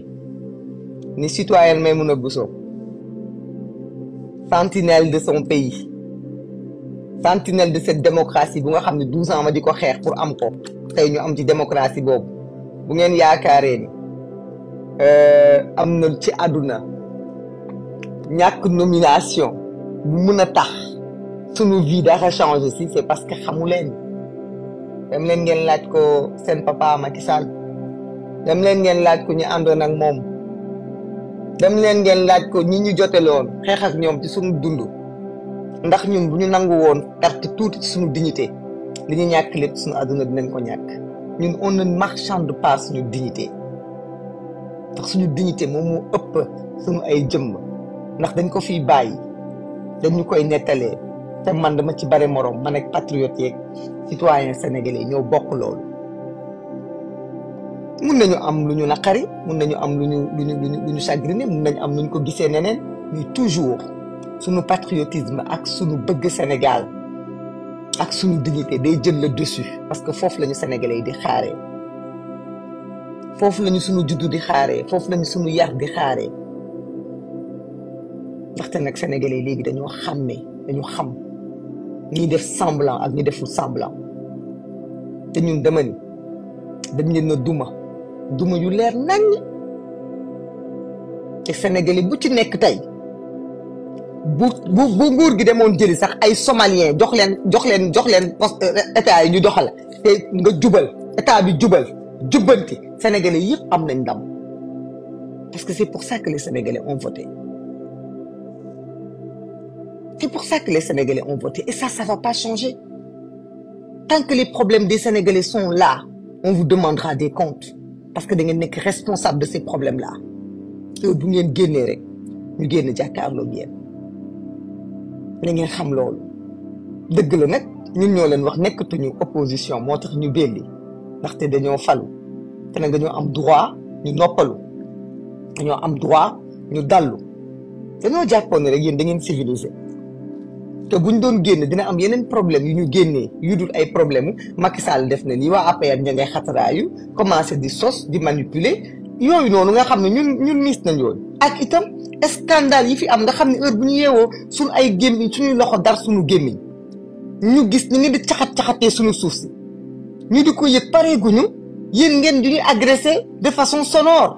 ni citoyen Maimouna Bousso sentinelle de son pays sentinelle de cette démocratie bu nga xam ne douze ans ma di ko xeex pour am ko tey ñu am ci démocratie boobu bu ngeen yaakaaree ni euh, am na ci àdduna ñàkk nomination bu mën a tax sunu vie dara changé si c'est parce que xamu leen dem leen ngeen laaj ko seen papa Macky Sall dem leen ngeen laaj ko ñu àndoon ak moom dem leen ngeen laaj ko ñi ñu joteloon xeex ak ñoom ci sunu dund ndax ñun bu ñu nangu woon perte tuuti ci suñu dignité li ñu ñàkk lépp suñu àdduna dinañ ko ñàkk ñun on ne marchande pas suñu dignité ndax suñu dignité moom moo ëpp suñu ay jëmm ndax dañ ko fiy bàyyi dañu koy nettalee te man dama ci bare moroom man ak patriote yeeg citoyen sénégalais ñoo bokk loolu mun nañu am lu ñu naqari mun nañu am lu ñu lu ñu lu ñu chagriné am lu ñu ko gisee neneen mais toujours sunu patriotisme ak sunu bëgg Sénégal ak sunu dignité day jël le dessus parce que foofu lañu sénégalais di xaaree foofu lañu sunu juddu di xaaree foofu lañu sunu yar di xaaree ndaxte nag sénégalais léegi dañoo xàmmee dañu xam ñuy def semblant ak ñu deful semblant te ñun dama ni dañ leen na duma duma yu leer naññ te sénégalais bu ci nekk tey. bu bu bu nguur gi demoon jëli sax ay somalien jox leen jox leen jox leen poste euh, état yi ñu doxal te nga jubal état bi jubal jubbanti sénégalais yëpp am nañ ndam parce que c'est pour ça que les sénégalais ont voté c'est pour ça que les sénégalais ont voté et ça ça va pas changer tant que les problèmes des sénégalais sont là on vous demandera des comptes parce que da ngeen nekk responsable de ces problèmes là bu ngeen génnee rek ñu génn jàkkaarloo yéen na ngeen xam loolu dëgg la nag ñun ñoo leen wax nekkatuñu opposition moo tax ñu belli ndaxte dañoo falu te nag dañoo am droit ñu noppalu dañoo am droit ñu dallu dañoo jàppoon rek yéen da ngeen civilisé te buñ doon génn dina am yeneen problème yu ñu génnee yu dul ay problème Macky Sall def na nii waa APR ña ngay xataraayu commencé di sos di manipuler yooyu noonu nga xam ne ñun ñun niis nañ yooyu ak itam scandale yi fi am nga xam ne heure bu ñu yeewoo suñu ay gémmiñ suñuy loxo dar suñu gémmiñ ñu gis ñu ngeen di caxat-caxatee suñu suuf si ñu di ko yëg pare guñu yéen ngeen di ñu agressé de façon sonore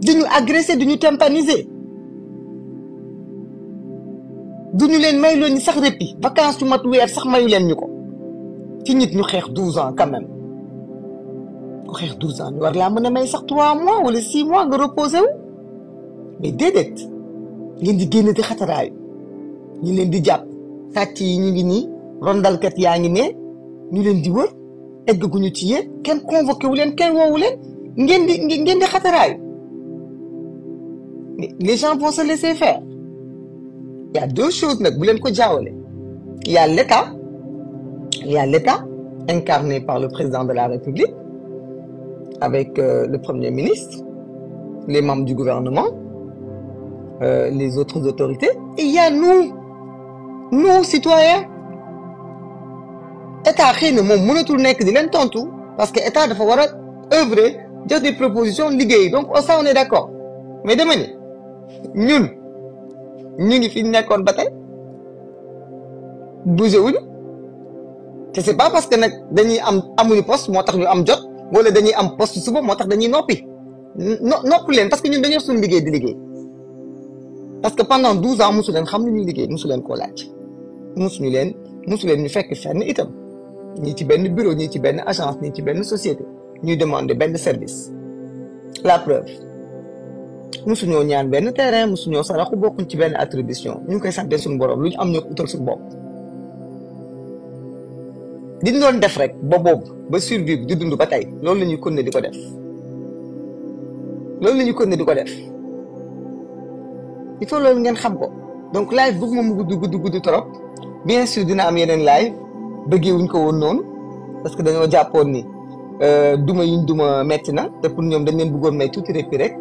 di ñu agressé di ñu tympaniser du ñu leen may loon ñi sax répit vacances yu mat weer sax mayu leen ñu ko ci nit ñu xeex douze ans quand même ku xeex douze ans ñu war laa mën a may sax trois mois wala six mois nga reposé wu mais déedéet ngeen di génn di xataraayu ñu leen di jàpp sàcc yi ñu ngi nii rondalkat yaa ngi ne ñu leen di wër eggaguñu ci yéen kenn convoqué wu leen kenn woowu leen ngeen di ngeen di xataraayu les gens vont se laisser faire il a deux choses nag bu leen ko jaawale il y a l'état il y a incarné par le président de la république avec euh, le premier ministre les membres du gouvernement euh, les autres autorités. Et a nous, nous citoyens. état xëy na moom mënatul nekk di leen tontu parce que état dafa war a œuvrer jox des propositions liggéey donc ça on est d'accord mais dama ni ñun ñu ngi fi nekkoon ba tey bougé wuñu te c'est pas parce que nag am amuñu poste moo tax ñu am jot wala dañuy am poste suba moo tax dañuy noppi no nopp leen parce que ñun dañuy suñu liggéey di liggéey. parce que pendant douze ans mosu leen xam lu ñuy liggéey mosu leen koo laaj mosu ñu leen mosu leen ñu fekk fenn itam ñii ci benn bureau ñi ci benn agence ñii ci benn société ñuy demander benn service la preuve mosuñoo ñaan benn terrain mosuñoo saraxu bokkuñ ci benn attribution ñu ngi koy sante suñu borom lu ñu am ñoo ko utal suñu bopp def rek ba ba survivre di dund ba tey loolu la ñuy continuer di ko def loolu la ñuy di ko def il faut loolu ngeen xam ko donc live bëgg moom mu gudd gudd gudd trop bien sûr dina am yeneen live bëggee wuñ ko woon noonu parce que dañoo jàppoon ni euh, duma yuñ duma metti na te pour ñoom dañ leen bëggoon may tuuti réppi rek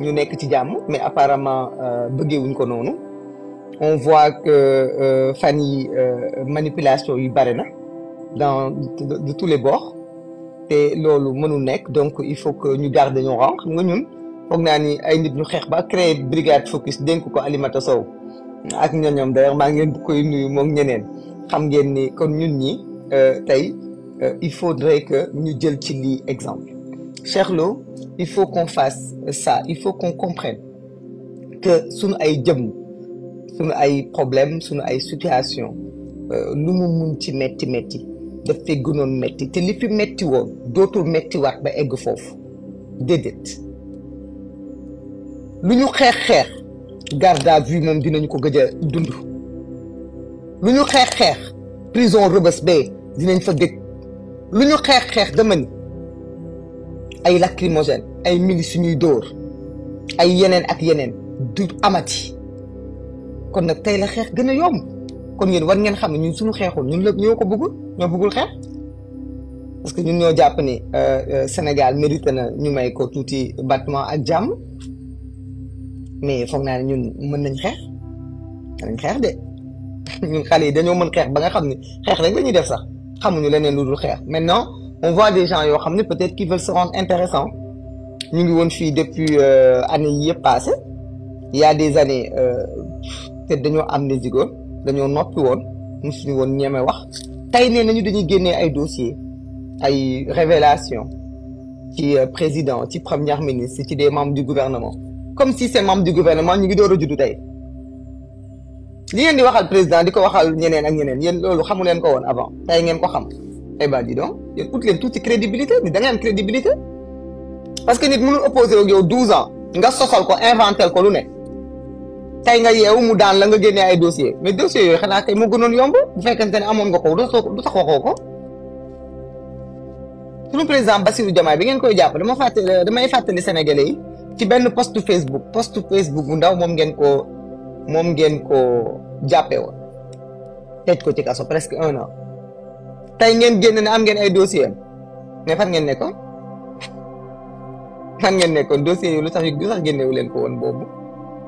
ñu nekk ci jàmm mais apparemment euh, bëggee wuñ ko noonu on voit que euh, fan yi manipulation yi bare na dans de tous les bords te loolu mënul nekk donc il faut que ñu garder ñu rang xam nga ñun foog naa ni ay nit ñu xeex ba créé brigade focus dénk ko Alimata Sow ak ñoñoom d'ailleurs maa ngeen leen koy nuy moom ñeneen xam ngeen ni kon ñun ñi euh, tey euh, il faut faudrait que ñu jël ci lii exemple Cheikh il faut qu'on fasse ça il faut qu'on comprenne que suñu ay jëmm suñu ay problème suñu ay situations euh, lu mu mun ci metti metti daf te gënoon metti te li fi metti woon dootul metti waat ba egg foofu déedéet lu ñu xeex xeex garde à vue moom dinañu ko gëj a dund lu ñu xeex xeex prison Rebeuss bee dinañ fa dégg lu ñu xeex xeex dama ni ay lacrymogène ay milice ñuy dóor ay yeneen ak yeneen du amati kon nag tey la xeex gën a yomb kon ngeen war ngeen xam ne ñun suñu xeexul ñun la ñoo ko bëggul ñoo bëggul xeex parce que ñun ñoo jàpp ni euh, euh, Sénégal mérite na ñu may ko tuuti battement ak jàmm mais foog naa ne ñun mën nañ xeex danañ xeex de ñun xale yi dañoo mën xeex ba nga xam ne xeex rek la ñuy def sax xamuñu leneen lu dul xeex maintenant on voit des gens yoo xam ne peut-être qui veulent se rendre ñu ngi woon fii depuis euh, années yëpp passé il des années euh, te dañoo am ne zigoon dañoo noppi woon suñu woon ñeme wax tey nee nañu dañuy génne ay dossiers ay révélation ci euh, président ci premier ministre ci des membres du gouvernement comme si c'est membre du gouvernement ñu ngi door a juddu tey li ngeen di waxal président di ko waxal ñeneen ak ñeneen yéen loolu xamu leen ko woon avant tey ngeen ko xam ay ba di donc yéen ut leen tuuti crédibilité ni da ngay crédibilité parce que nit mënul opposé ak yow 12 ans nga sosal ko inventel ko lu ne tey nga yeewu mu daan la nga génnee ay dossier mais dossiers yooyu xanaa kay mu gënoon yomb bu fekkente ne amoon nga ko du tax waxoo ko sunu président Bassirou Diomaye bi ngeen koy jàpp dama fàttali damay fàttali Sénégalais yi ci benn post Facebook post Facebook bu ndaw moom ngeen ko moom ngeen ko jàppe woon tëj ko ci kaso presque un an tey ngeen génn ne am ngeen ay dossier am mais fan ngeen nekkoon fan ngeen nekkoon dossier yi lu sax lu sax génnewu leen ko woon boobu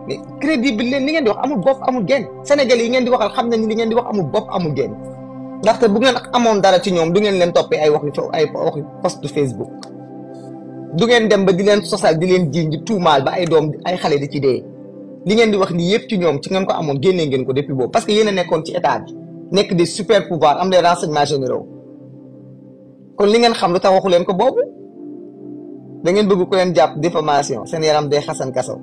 mais crédible leen li ngeen di wax amul bopp amul génn Sénégal yi ngeen di waxal xam ne ni li ngeen di wax amul bopp amul génn ndaxte bu ngeen amoon dara ci ñoom du ngeen leen toppee ay wax ay waxi post Facebook du ngeen dem ba di leen sosal di leen jiiñ di tuumaal ba ay doom ay xale di ci dee li ngeen di wax ni yëpp ci ñoom ci ngeen ko amoon génnee ngeen ko depuis boobu parce que yéen a nekkoon ci état bi nekk des super pouvoir am les renseignements généraux kon li ngeen xam lu tax waxu leen ko boobu da ngeen bëgg ko leen jàpp diffamation seen yaram day xasan kaso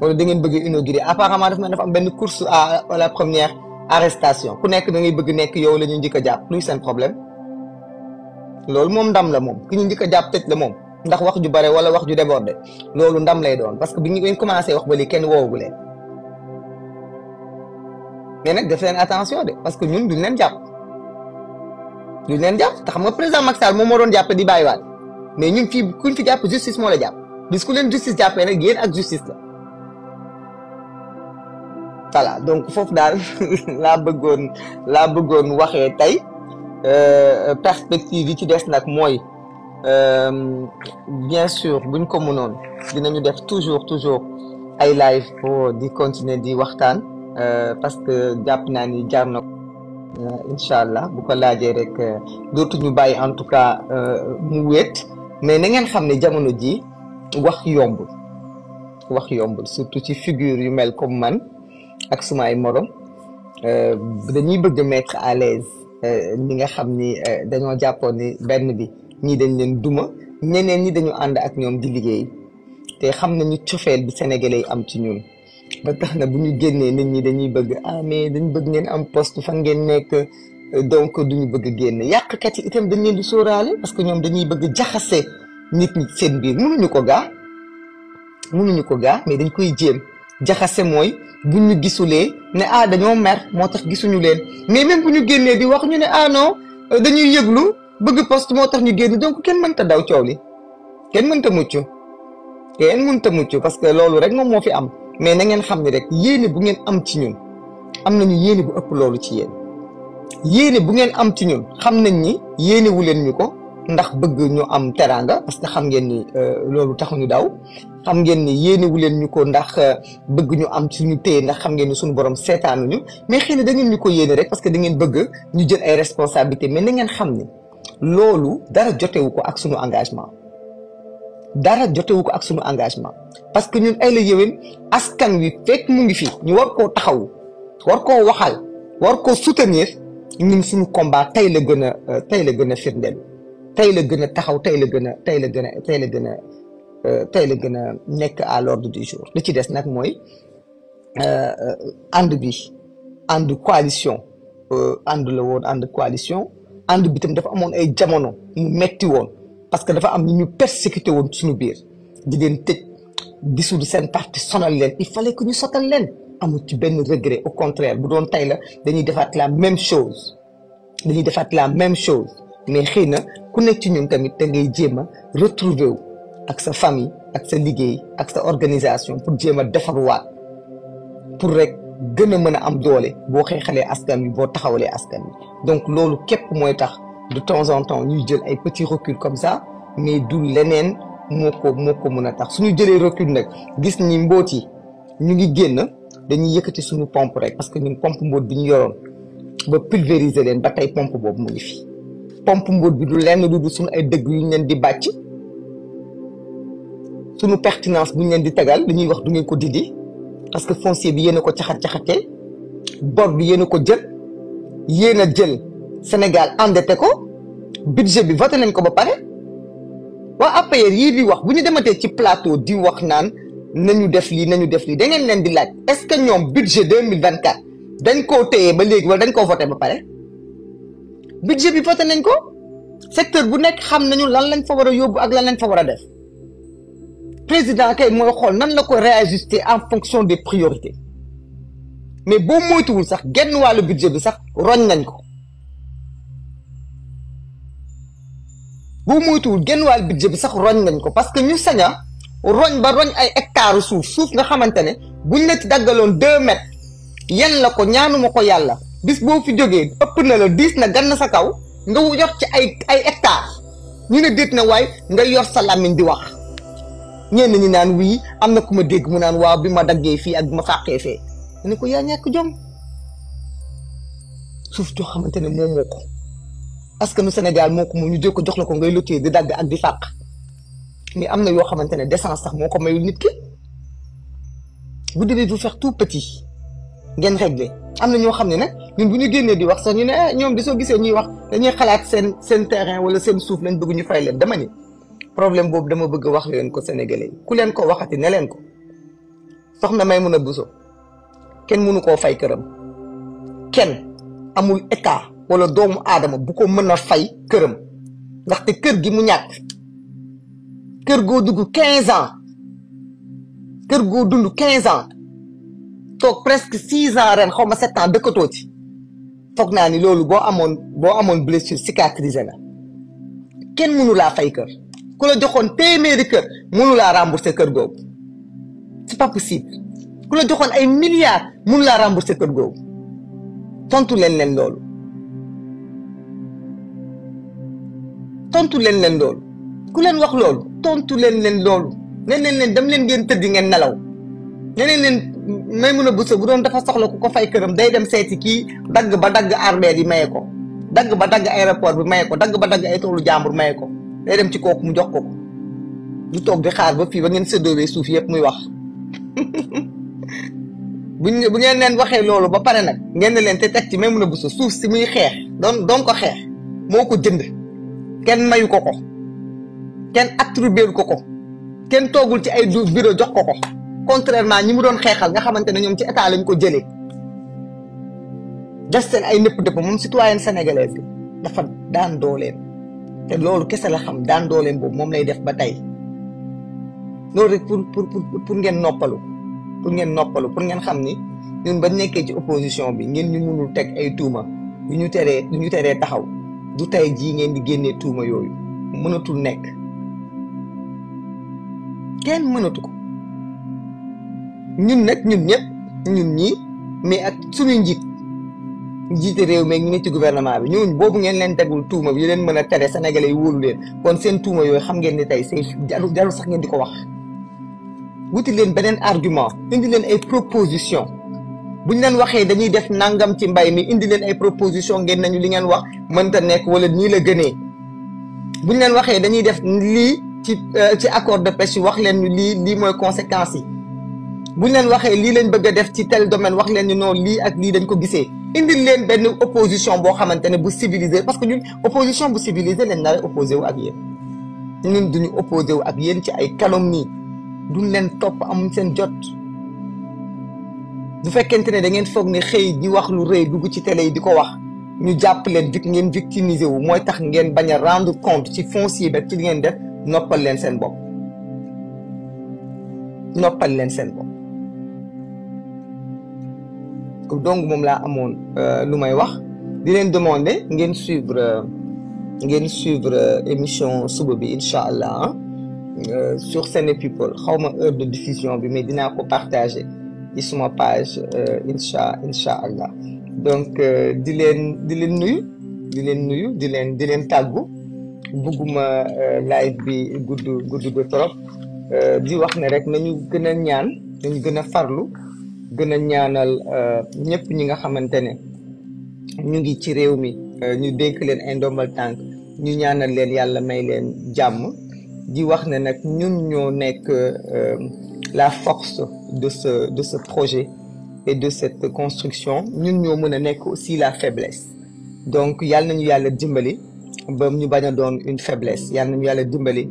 wala da ngeen bëgg inauguré apparemment dafa mel dafa am benn course a la première arrestation ku nekk da ngay bëgg nekk yow la ñu njëkk a jàpp luy seen problème loolu moom ndam la moom ñu njëkk a jàpp la moom. ndax wax ju bare wala wax ju débordé loolu ndam lay doon parce que bi ñu commencé wax ba lii kenn woowu leen mais nag def leen attention de parce que ñun duñ leen jàpp duñ leen jàpp te xam nga président Macky Sall moom moo doon jàppe di mais ñun fii kuñ fi jàpp justice moo la jàpp bis ku leen justice jàppee nag yéen ak justice la voilà donc foofu daal laa bëggoon laa bëggoon waxee tey euh, perspective yi ci des nag mooy. Euh, bien sûr buñ ko mënoon dinañu def toujours toujours ay live pour di continuer di waxtaan euh, parce que jàpp naa ni jarno na euh, incha allah bu ko laajee rek dootuñu bàyyi en tout cas mu wéet mais na ngeen xam ne jamono ji wax yombul wax yombul surtout ci figure yu mel comme man ak suma ay morom dañuy bëgg mettre à l'aise ñi nga xam ni dañoo jàppoon ni benn bi ñii dañ leen duma ñeneen ñi dañu ànd ak ñoom di liggéey te xam nañu cofeel bi sénégalais yi am ci ñun ba tax na bu ñu génnee nit ñi dañuy bëgg ah mais dañ bëgg ngeen am post fan ngeen nekk donc duñu bëgg génn yàqkat yi itam dañ leen di sóoraale parce que ñoom dañuy bëgg jaxase nit ñi seen biir mënuñu ko gaa mënuñu ko gaa mais dañ koy jéem jaxase mooy bu ñu gisulee ne ah dañoo mer moo tax gisuñu leen mais même bu ñu génnee bi waxuñu ne ah non dañuy yëglu bëgg poste moo tax ñu génn donc kenn mënta daw coow li kenn mënta mucc kenn mënta mucc parce que loolu rek moom moo fi am mais na ngeen xam ni rek yéene bu ngeen am ci ñun am nañu yéene bu ëpp loolu ci yéen yéene bu ngeen am ci ñun xam nañ ni yéene leen ñu ko ndax bëgg ñu am teraanga parce que xam ngeen ni euh, loolu taxuñu daw xam ngeen ni yéene leen ñu ko ndax euh, bëgg ñu am suñu téye ndax xam ngeen ni suñu borom seetaanuñu mais xëy na ñu ko yéene rek parce que da ngeen bëgg ñu jël ay responsabilité mais na ngeen xam ni loolu dara jotewu ko ak sunu engagement dara jotewu ko ak sunu engagement parce que ñun ay la yéwén askan wi fekk mu ngi fi ñu war koo taxawu war ko waxal war ko soutenir ñun suñu combat tey la gën a euh, tey la gën a firndeel tey la gën a taxaw tey la gën a tey la gën a la gën a euh, tey la gën a nekk à l'ordre du jour li ci des nag mooy euh, ànd bi ànd coalition ànd la woon ànd coalition ànd bi tam dafa amoon ay jamono mu metti woon parce que dafa am ñu persécuté woon suñu biir di leen tëj dissoudre seen parti sonal leen il fallait que ñu sotal leen amul ci benn regret au contraire bu doon tey la dañuy defaat la même chose dañuy defaat la même chose mais xëy na ku nekk ci ñun tamit da ngay jéem a retrouver wu ak sa famille ak sa liggéey ak sa organisation pour jéem a defaruwaat pour rek gën a mën a am doole boo xeexalee askan bi boo taxawalee askan wi donc loolu képp mooy tax de temps en temps ñuy jël ay petits recul comme ça mais du leneen moo ko moo ko mën a tax suñu jëlee recul nag gis ni mbóot yi ñu ngi génn dañuy yëkkati suñu pompe rek parce que ñun pomp mbóot bi ñu yoroon ba pulvériser leen ba tey pompe boobu mu ngi fi pompe mbóot bi du lenn du du suñu ay dëgg yu ñu leen di bàcc suñu pertinence bu ñu leen di tegal dañuy wax du ngeen ko didi parce que foncier bi yéen ko caxat-caxatee bor bi yéen a ko jël yéen a jël Sénégal endetté ko budget bi voté nañ ko ba pare waa APR yii di wax bu ñu dematee ci plateau di wax naan nañu def lii nañu def lii da ngeen leen di laaj est-ce que ñoom budget 2024 dañ koo téye ba léegi wala dañ koo voté ba pare budget bi voté nañ ko secteur bu nekk xam nañu lan lañ fa war a yóbbu ak lan lañ fa war a def président kay mooy xool nan la ko réajuster en fonction des priorités mais boo moytuwul sax genn wàllu budget bi sax roñ nañ ko boo moytuwul genn wàllu budget bi sax roñ nañ ko parce que ñu saña roñ ba roñ ay hectares suuf suuf nga xamante ne buñ la ci daggaloon deux mètres yan la ko ñaanuma ko yàlla bis boo fi jógee ëpp na la diis na gann sa kaw nga yor ci ay ay hectares ñu ne déet na waay nga yor sa làmmiñ di wax ñenn ñi naan wii am na ku ma dégg mu naan waaw bi ma daggee fii ak bi ma fàqee fee ne ko yaa ñàkk jom suuf joo xamante ne moom moo ko askanu Sénégal moo ko moom ñu jël jox la ko ngay lotee di dagg ak di fàq mais am na yoo xamante ne décence sax moo ko mayul nit ki vous devez vous faire tout petit ngeen régler am na ñoo xam ne nag ñun bu ñu génnee di wax sax ñu ne eh, ñoom di soo gisee ñuy wax dañuy xalaat seen seen terrain wala seen suuf lañ bëgg ñu fay leen dama ni problème boobu dama bëgg wax leen ko sénégalais ku leen ko waxati ne leen ko soxna a Bousso kenn mënu koo fay këram kenn amul état wala doomu aadama bu ko mën a fay këram ndaxte kër gi mu ñàkk kër goo dugg quinze ans kër goo dund quinze ans toog presque six ans ren xaw ma sept ans dëkkatoo ci foog naa ni loolu boo amoon boo amoon blessure cicatrisée na kenn mënu laa fay kër ku la joxoon téeméeri kër mënu laa rembourser kër googu c'est pas possible ku la joxoon ay milliards mënu laa rembourser kër googu tontu len leen loolu tontu leen leen loolu ku leen wax loolu tontu leen leen loolu ne leen leen dem leen ngeen tëdd ngeen nelaw ne leen leen may mun a busa bu doon dafa soxla ku ko fay këram day dem seeti kii dagg ba dagg armee yi maye ko dagg ba dagg aéroport bi maye ko dagg ba dagg ay toolu jàmbur maye ko day dem ci kooku mu jox ko ko du toog di xaar ba fii ba ngeen séddoowee suuf yëpp muy wax buñ bu ngeen leen waxee loolu ba pare nag ngeen ne leen te teg ci même na bu sa suuf si muy xeex doon doon ko xeex moo ko jënd kenn mayu ko ko kenn attribué ko ko kenn toogul ci ay bureau jox ko ko contrairement ñi mu doon xeexal nga xamante ne ñoom ci état lañ ko jëlee des seen ay nëpp dëpp moom citoyenne sénégalaise bi dafa daan dooleen te loolu kese la xam daan dooleem boobu moom lay def ba tey loolu rek pour pour pour ngeen noppalu pour ngeen noppalu ngeen xam ni ñun ba nekkee ci opposition bi ngeen ñu mënul teg ay tuuma yu ñu teree yu ñu teree taxaw du tey jii ngeen di génnee tuuma yooyu mënatul nekk kenn mënatu ko ñun nag ñun ñëpp ñun ñii mais ak suñu njiit jiite réew meeg ñu ne ci gouvernement bi ñooñu boobu ngeen leen tegul tuuma bi yu leen mën a tere sénégalais yi wóolu leen kon seen tuuma yooyu xam ngeen ni tey c'est jarul jarul sax ngeen di ko wax wuti leen beneen argument indi leen ay proposition bu ñu leen waxee dañuy def nangam ci mbay mi indi leen ay proposition ngeen nañu li ngeen wax mënta nekk wala nii la gënee buñ leen waxee dañuy def lii ci euh, ci accord de pêche yi wax leen ñu lii lii mooy conséquences yi buñ leen waxee lii lañ bëgg def ci tel domaine wax leen ni non lii ak lii dañ ko gisee indi leen benn opposition boo xamante ne bu civilisé parce que ñun opposition bu civilisé leen nar a opposé wu ak yéen ñun duñu opposé wu ak yéen ci ay calomnie duñ leen topp amuñ seen jot bu fekkente ne da ngeen foog ne xëy di wax lu rëy dugg ci télé yi di ko wax ñu jàpp leen vic ngeen victimiser wu mooy tax ngeen bañ a rendre compte ci foncier ba ci li ngeen def noppal leen seen bopp noppal leen seen donc moom laa amoon euh, lu may wax di leen demander ngeen suivre ngeen suivre euh, émission suba bi incha allah euh, sur Sene People xaw ma heure de diffusion bi mais dinaa ko partager ci suma page incha incha allah donc di leen di leen nuyu di leen nuyu di leen di leen tàggu bugguma live bi gudd gudd ba trop di wax ne rek nañu gën a ñaan nañu gën a farlu. gën a ñaanal euh, ñëpp ñi nga xamante ne ñu ngi ci réew mi euh, ñu dénk leen ay tànk ñu ñaanal leen yàlla may leen jàmm di wax ne nag ñun ñoo nekk euh, la force de ce de ce projet et de cette construction ñun ñoo mën a nekk aussi la faiblesse donc yàlla nañu yàlla dimbali ba ñu bañ a doon une faiblesse yàlla nañu yàlla dimbali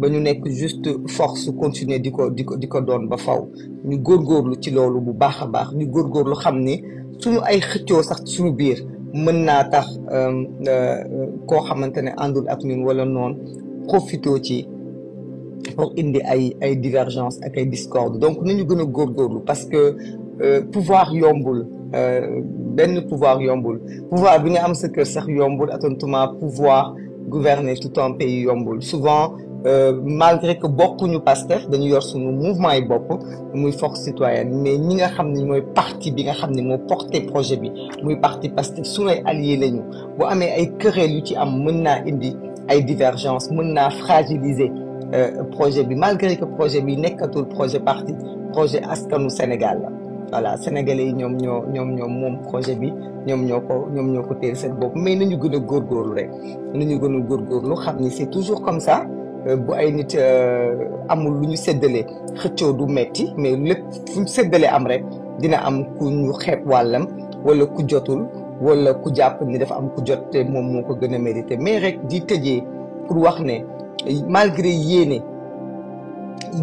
ba ñu nekk juste force continuer di ko di ko di ko doon ba faw ñu góorgóorlu ci loolu bu baax a baax ñu góor góorgóorlu xam ni suñu ay xëccoo sax suñu biir mën naa tax euh, euh, koo xamante ne àndul ak ñun wala noonu profitoo ci pour indi ay ay divergence ak ay discorde donc ñu gën a góorgóorlu parce que euh, pouvoir yombul benn pouvoir yombul pouvoir bi nga am sa kër sax yombul attentement pouvoir gouverner tout un pays yombul souvent Euh, malgré que bokkuñu Pastef dañu yor suñu mouvement yi bokk muy force citoyenne mais ñi nga xam ne mooy parti bi nga xam ne moo porté projet bi muy parti Pastef suñuy allié lañu boo amee ay querelle yu ci am mën naa indi ay divergence mën naa fragiliser euh, projet bi malgré que projet bi nekkatul projet parti projet askanu Sénégal la voilà sénégalais yi ñoom ñoo ñoom ñoom moom projet bi ñoom ñoo ko ñoom ñoo ko téel seen bopp mais ñu gën góor góorlu rek ñu gën góor góorgóorlu xam ni bu ay nit euh, amul lu ñu séddalee xëccoo du metti mais lépp fu ñu am rek dina am ku ñu xeeb wàllam wala ku jotul wala ku jàpp ni dafa am ku jot te moom moo ko gën a mérité mais rek di tëjee pour wax ne malgré yéene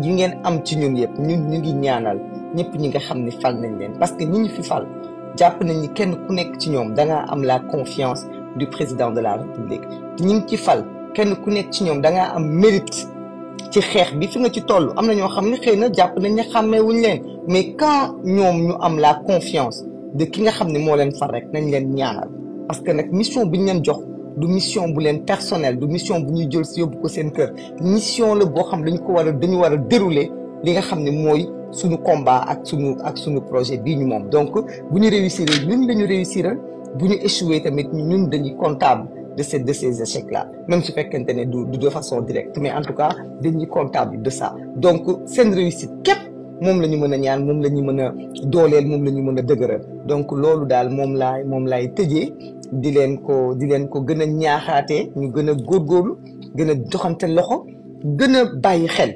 ji ngeen am ci ñun yëpp ñun ñu ngi ñaanal ñëpp ñi nga xam ne fal nañ leen parce que ñi ñu fi fal jàpp nañ ni kenn ku nekk ci ñoom da am la confiance du président de la république ñi ci fal. kenn ku nekk ci ñoom dangaa am mérite ci xeex bi fi nga ci toll am na ñoo xam ne xëy na jàpp nañ ne xàmmee wuñ leen mais quand ñoom ñu am la confiance de ki nga xam ne moo leen far rek nañ leen ñaanal parce que nag mission bi ñu leen jox du mission bu leen personnel du mission bu ñuy jël si yóbbu ko seen kër mission la boo xam dañu ko war a dañu war a dérouler li nga xam ne mooy suñu combat ak suñu ak suñu projet bii ñu moom donc bu ñu réussir ñun la ñu réussir bu ñu échoué tamit ñun dañuy comptable de ces de ces échecs là même su fekkente ne du du de façon directe mais en tout cas dañuy comptable de ça donc seen réussite képp moom la ñu mën a ñaan moom la ñu mën a dooleel moom la ñu mën a dëgëral donc loolu daal moom laay moom laay tëjee di leen ko di leen ko gën a ñaaxaatee ñu gën a góor góorgóorlu gën a joxante loxo gën a bàyyi xel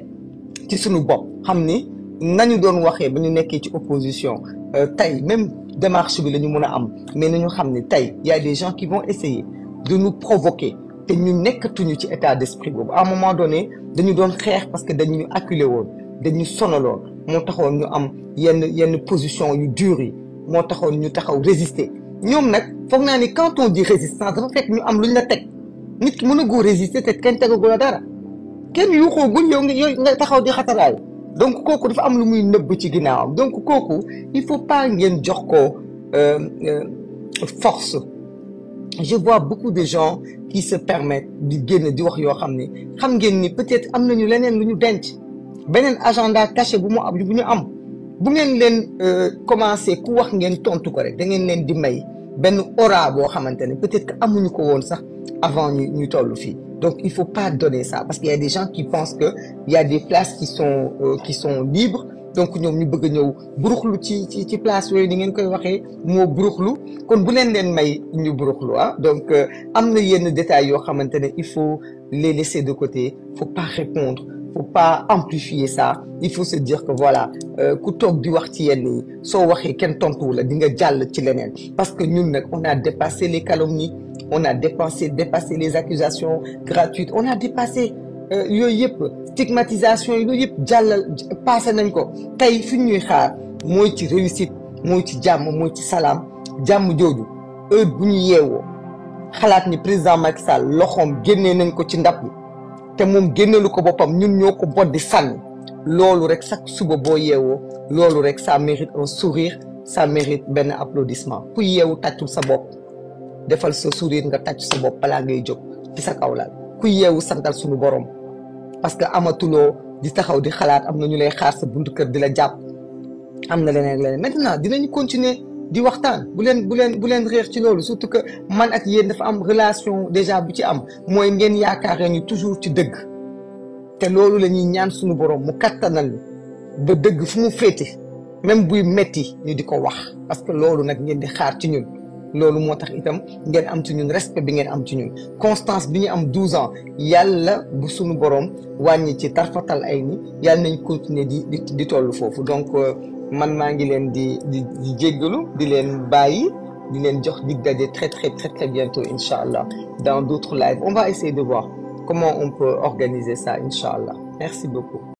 ci suñu bopp xam ni nañu doon waxee ba ñu nekkee ci opposition euh, tey même démarche bi la ñu mën a am mais nañu xam ne tey yaay a des gens qui vont essayer de nous provoquer te ñu nekkatuñu ci état d'esprit boobu à un moment donné dañu doon xeex parce que dañu acculé woon dañu loon moo taxoon ñu am yenn yenn position yu dures yi moo taxoon ñu taxaw résister ñoom nag foog naa ni quand on dit résistance dafa fekk ñu am lu ñu la teg nit ki mën a goo résister te kenn tegagul la dara kenn yuuxoo guñ yow nga yow nga taxaw di xataraayu donc kooku dafa am lu muy nëbb ci ginnaawam donc kooku il faut pas ngeen jox ko euh, euh, force je vois beaucoup de gens qui se permettent di génn di wax yoo xam ni xam ngeen ni peut-être am nañu leneen lu ñu denc beneen agenda caché bu mu am bu ñu am bu ngeen leen euh, commencé ku wax ngeen tontu ko rek da ngeen leen di may benn aura boo xamante ne peut-être que amuñu ko woon sax avant ñu ñu toll fii Donc, il faut pas donner ça parce qu'il y a des gens qui pensent que il y a des places qui sont euh, qui libres. donc ñoom ñu bëgg a ñëw buruxlu ci ci ci place yooyu ni ngeen koy waxee moo buruxlu kon bu leen leen may ñu buruxlu ah. donc euh, am na yenn détails yoo xamante ne il faut les laisser de côté faut pas répondre faut pas amplifier ça il faut se dire que voilà euh, ku toog di wax ci yenn yi soo waxee kenn tontuwu la di nga jàll ci leneen parce que ñun nag on a dépassé les calomnies on a dépassé dépassé les accusations gratuites on a dépassé euh, yooyu yëpp stigmatisation yooyu yëpp jàllal passé nañ ko tey fi ñuy xaar mooy ci réussite mooy ci jàmm mooy ci salaam jàmm jooju heure bu ñu yeewoo xalaat ni président Macky Sall loxoom génnee nañ ko ci ndab bi te moom génneelu ko boppam ñun ñoo ko boddi sànni loolu rek sa suba boo yeewoo loolu rek ça mérite un sourire ça mérite benn applaudissement ku yeewu tàccul sa bopp defal sa sourire nga tàcc sa bopp balaa ngay jóg ci sa kaw laal ku yeewu santal suñu borom parce que amatuloo di taxaw di xalaat am na ñu lay xaar sa buntu kër di la jàpp am na leneen leneen maintenant dinañu continuer di waxtaan bu leen bu leen bu leen réer ci loolu surtout que man ak yéen dafa am relation déjà bu ci am mooy ngeen yaakaaree ñu toujours ci dëgg te loolu lañuy ñaan suñu borom mu kattanal ba dëgg fu mu féete même buy metti ñu di ko wax parce que loolu nag ngeen di xaar ci ñun loolu moo tax itam ngeen am ci ñun respect bi ngeen am ci ñun constance bi ñu am 12 ans yàlla bu suñu borom wàññi ci tarfatal ay ni yàlla nañ continuer di di di toll foofu donc euh, man maa ngi leen di di di jéggalu di leen bàyyi di leen jox dig daje très très très très bientôt incha allah dans d'autres lives on va essayer de voir comment on peut organiser ça incha allah merci beaucoup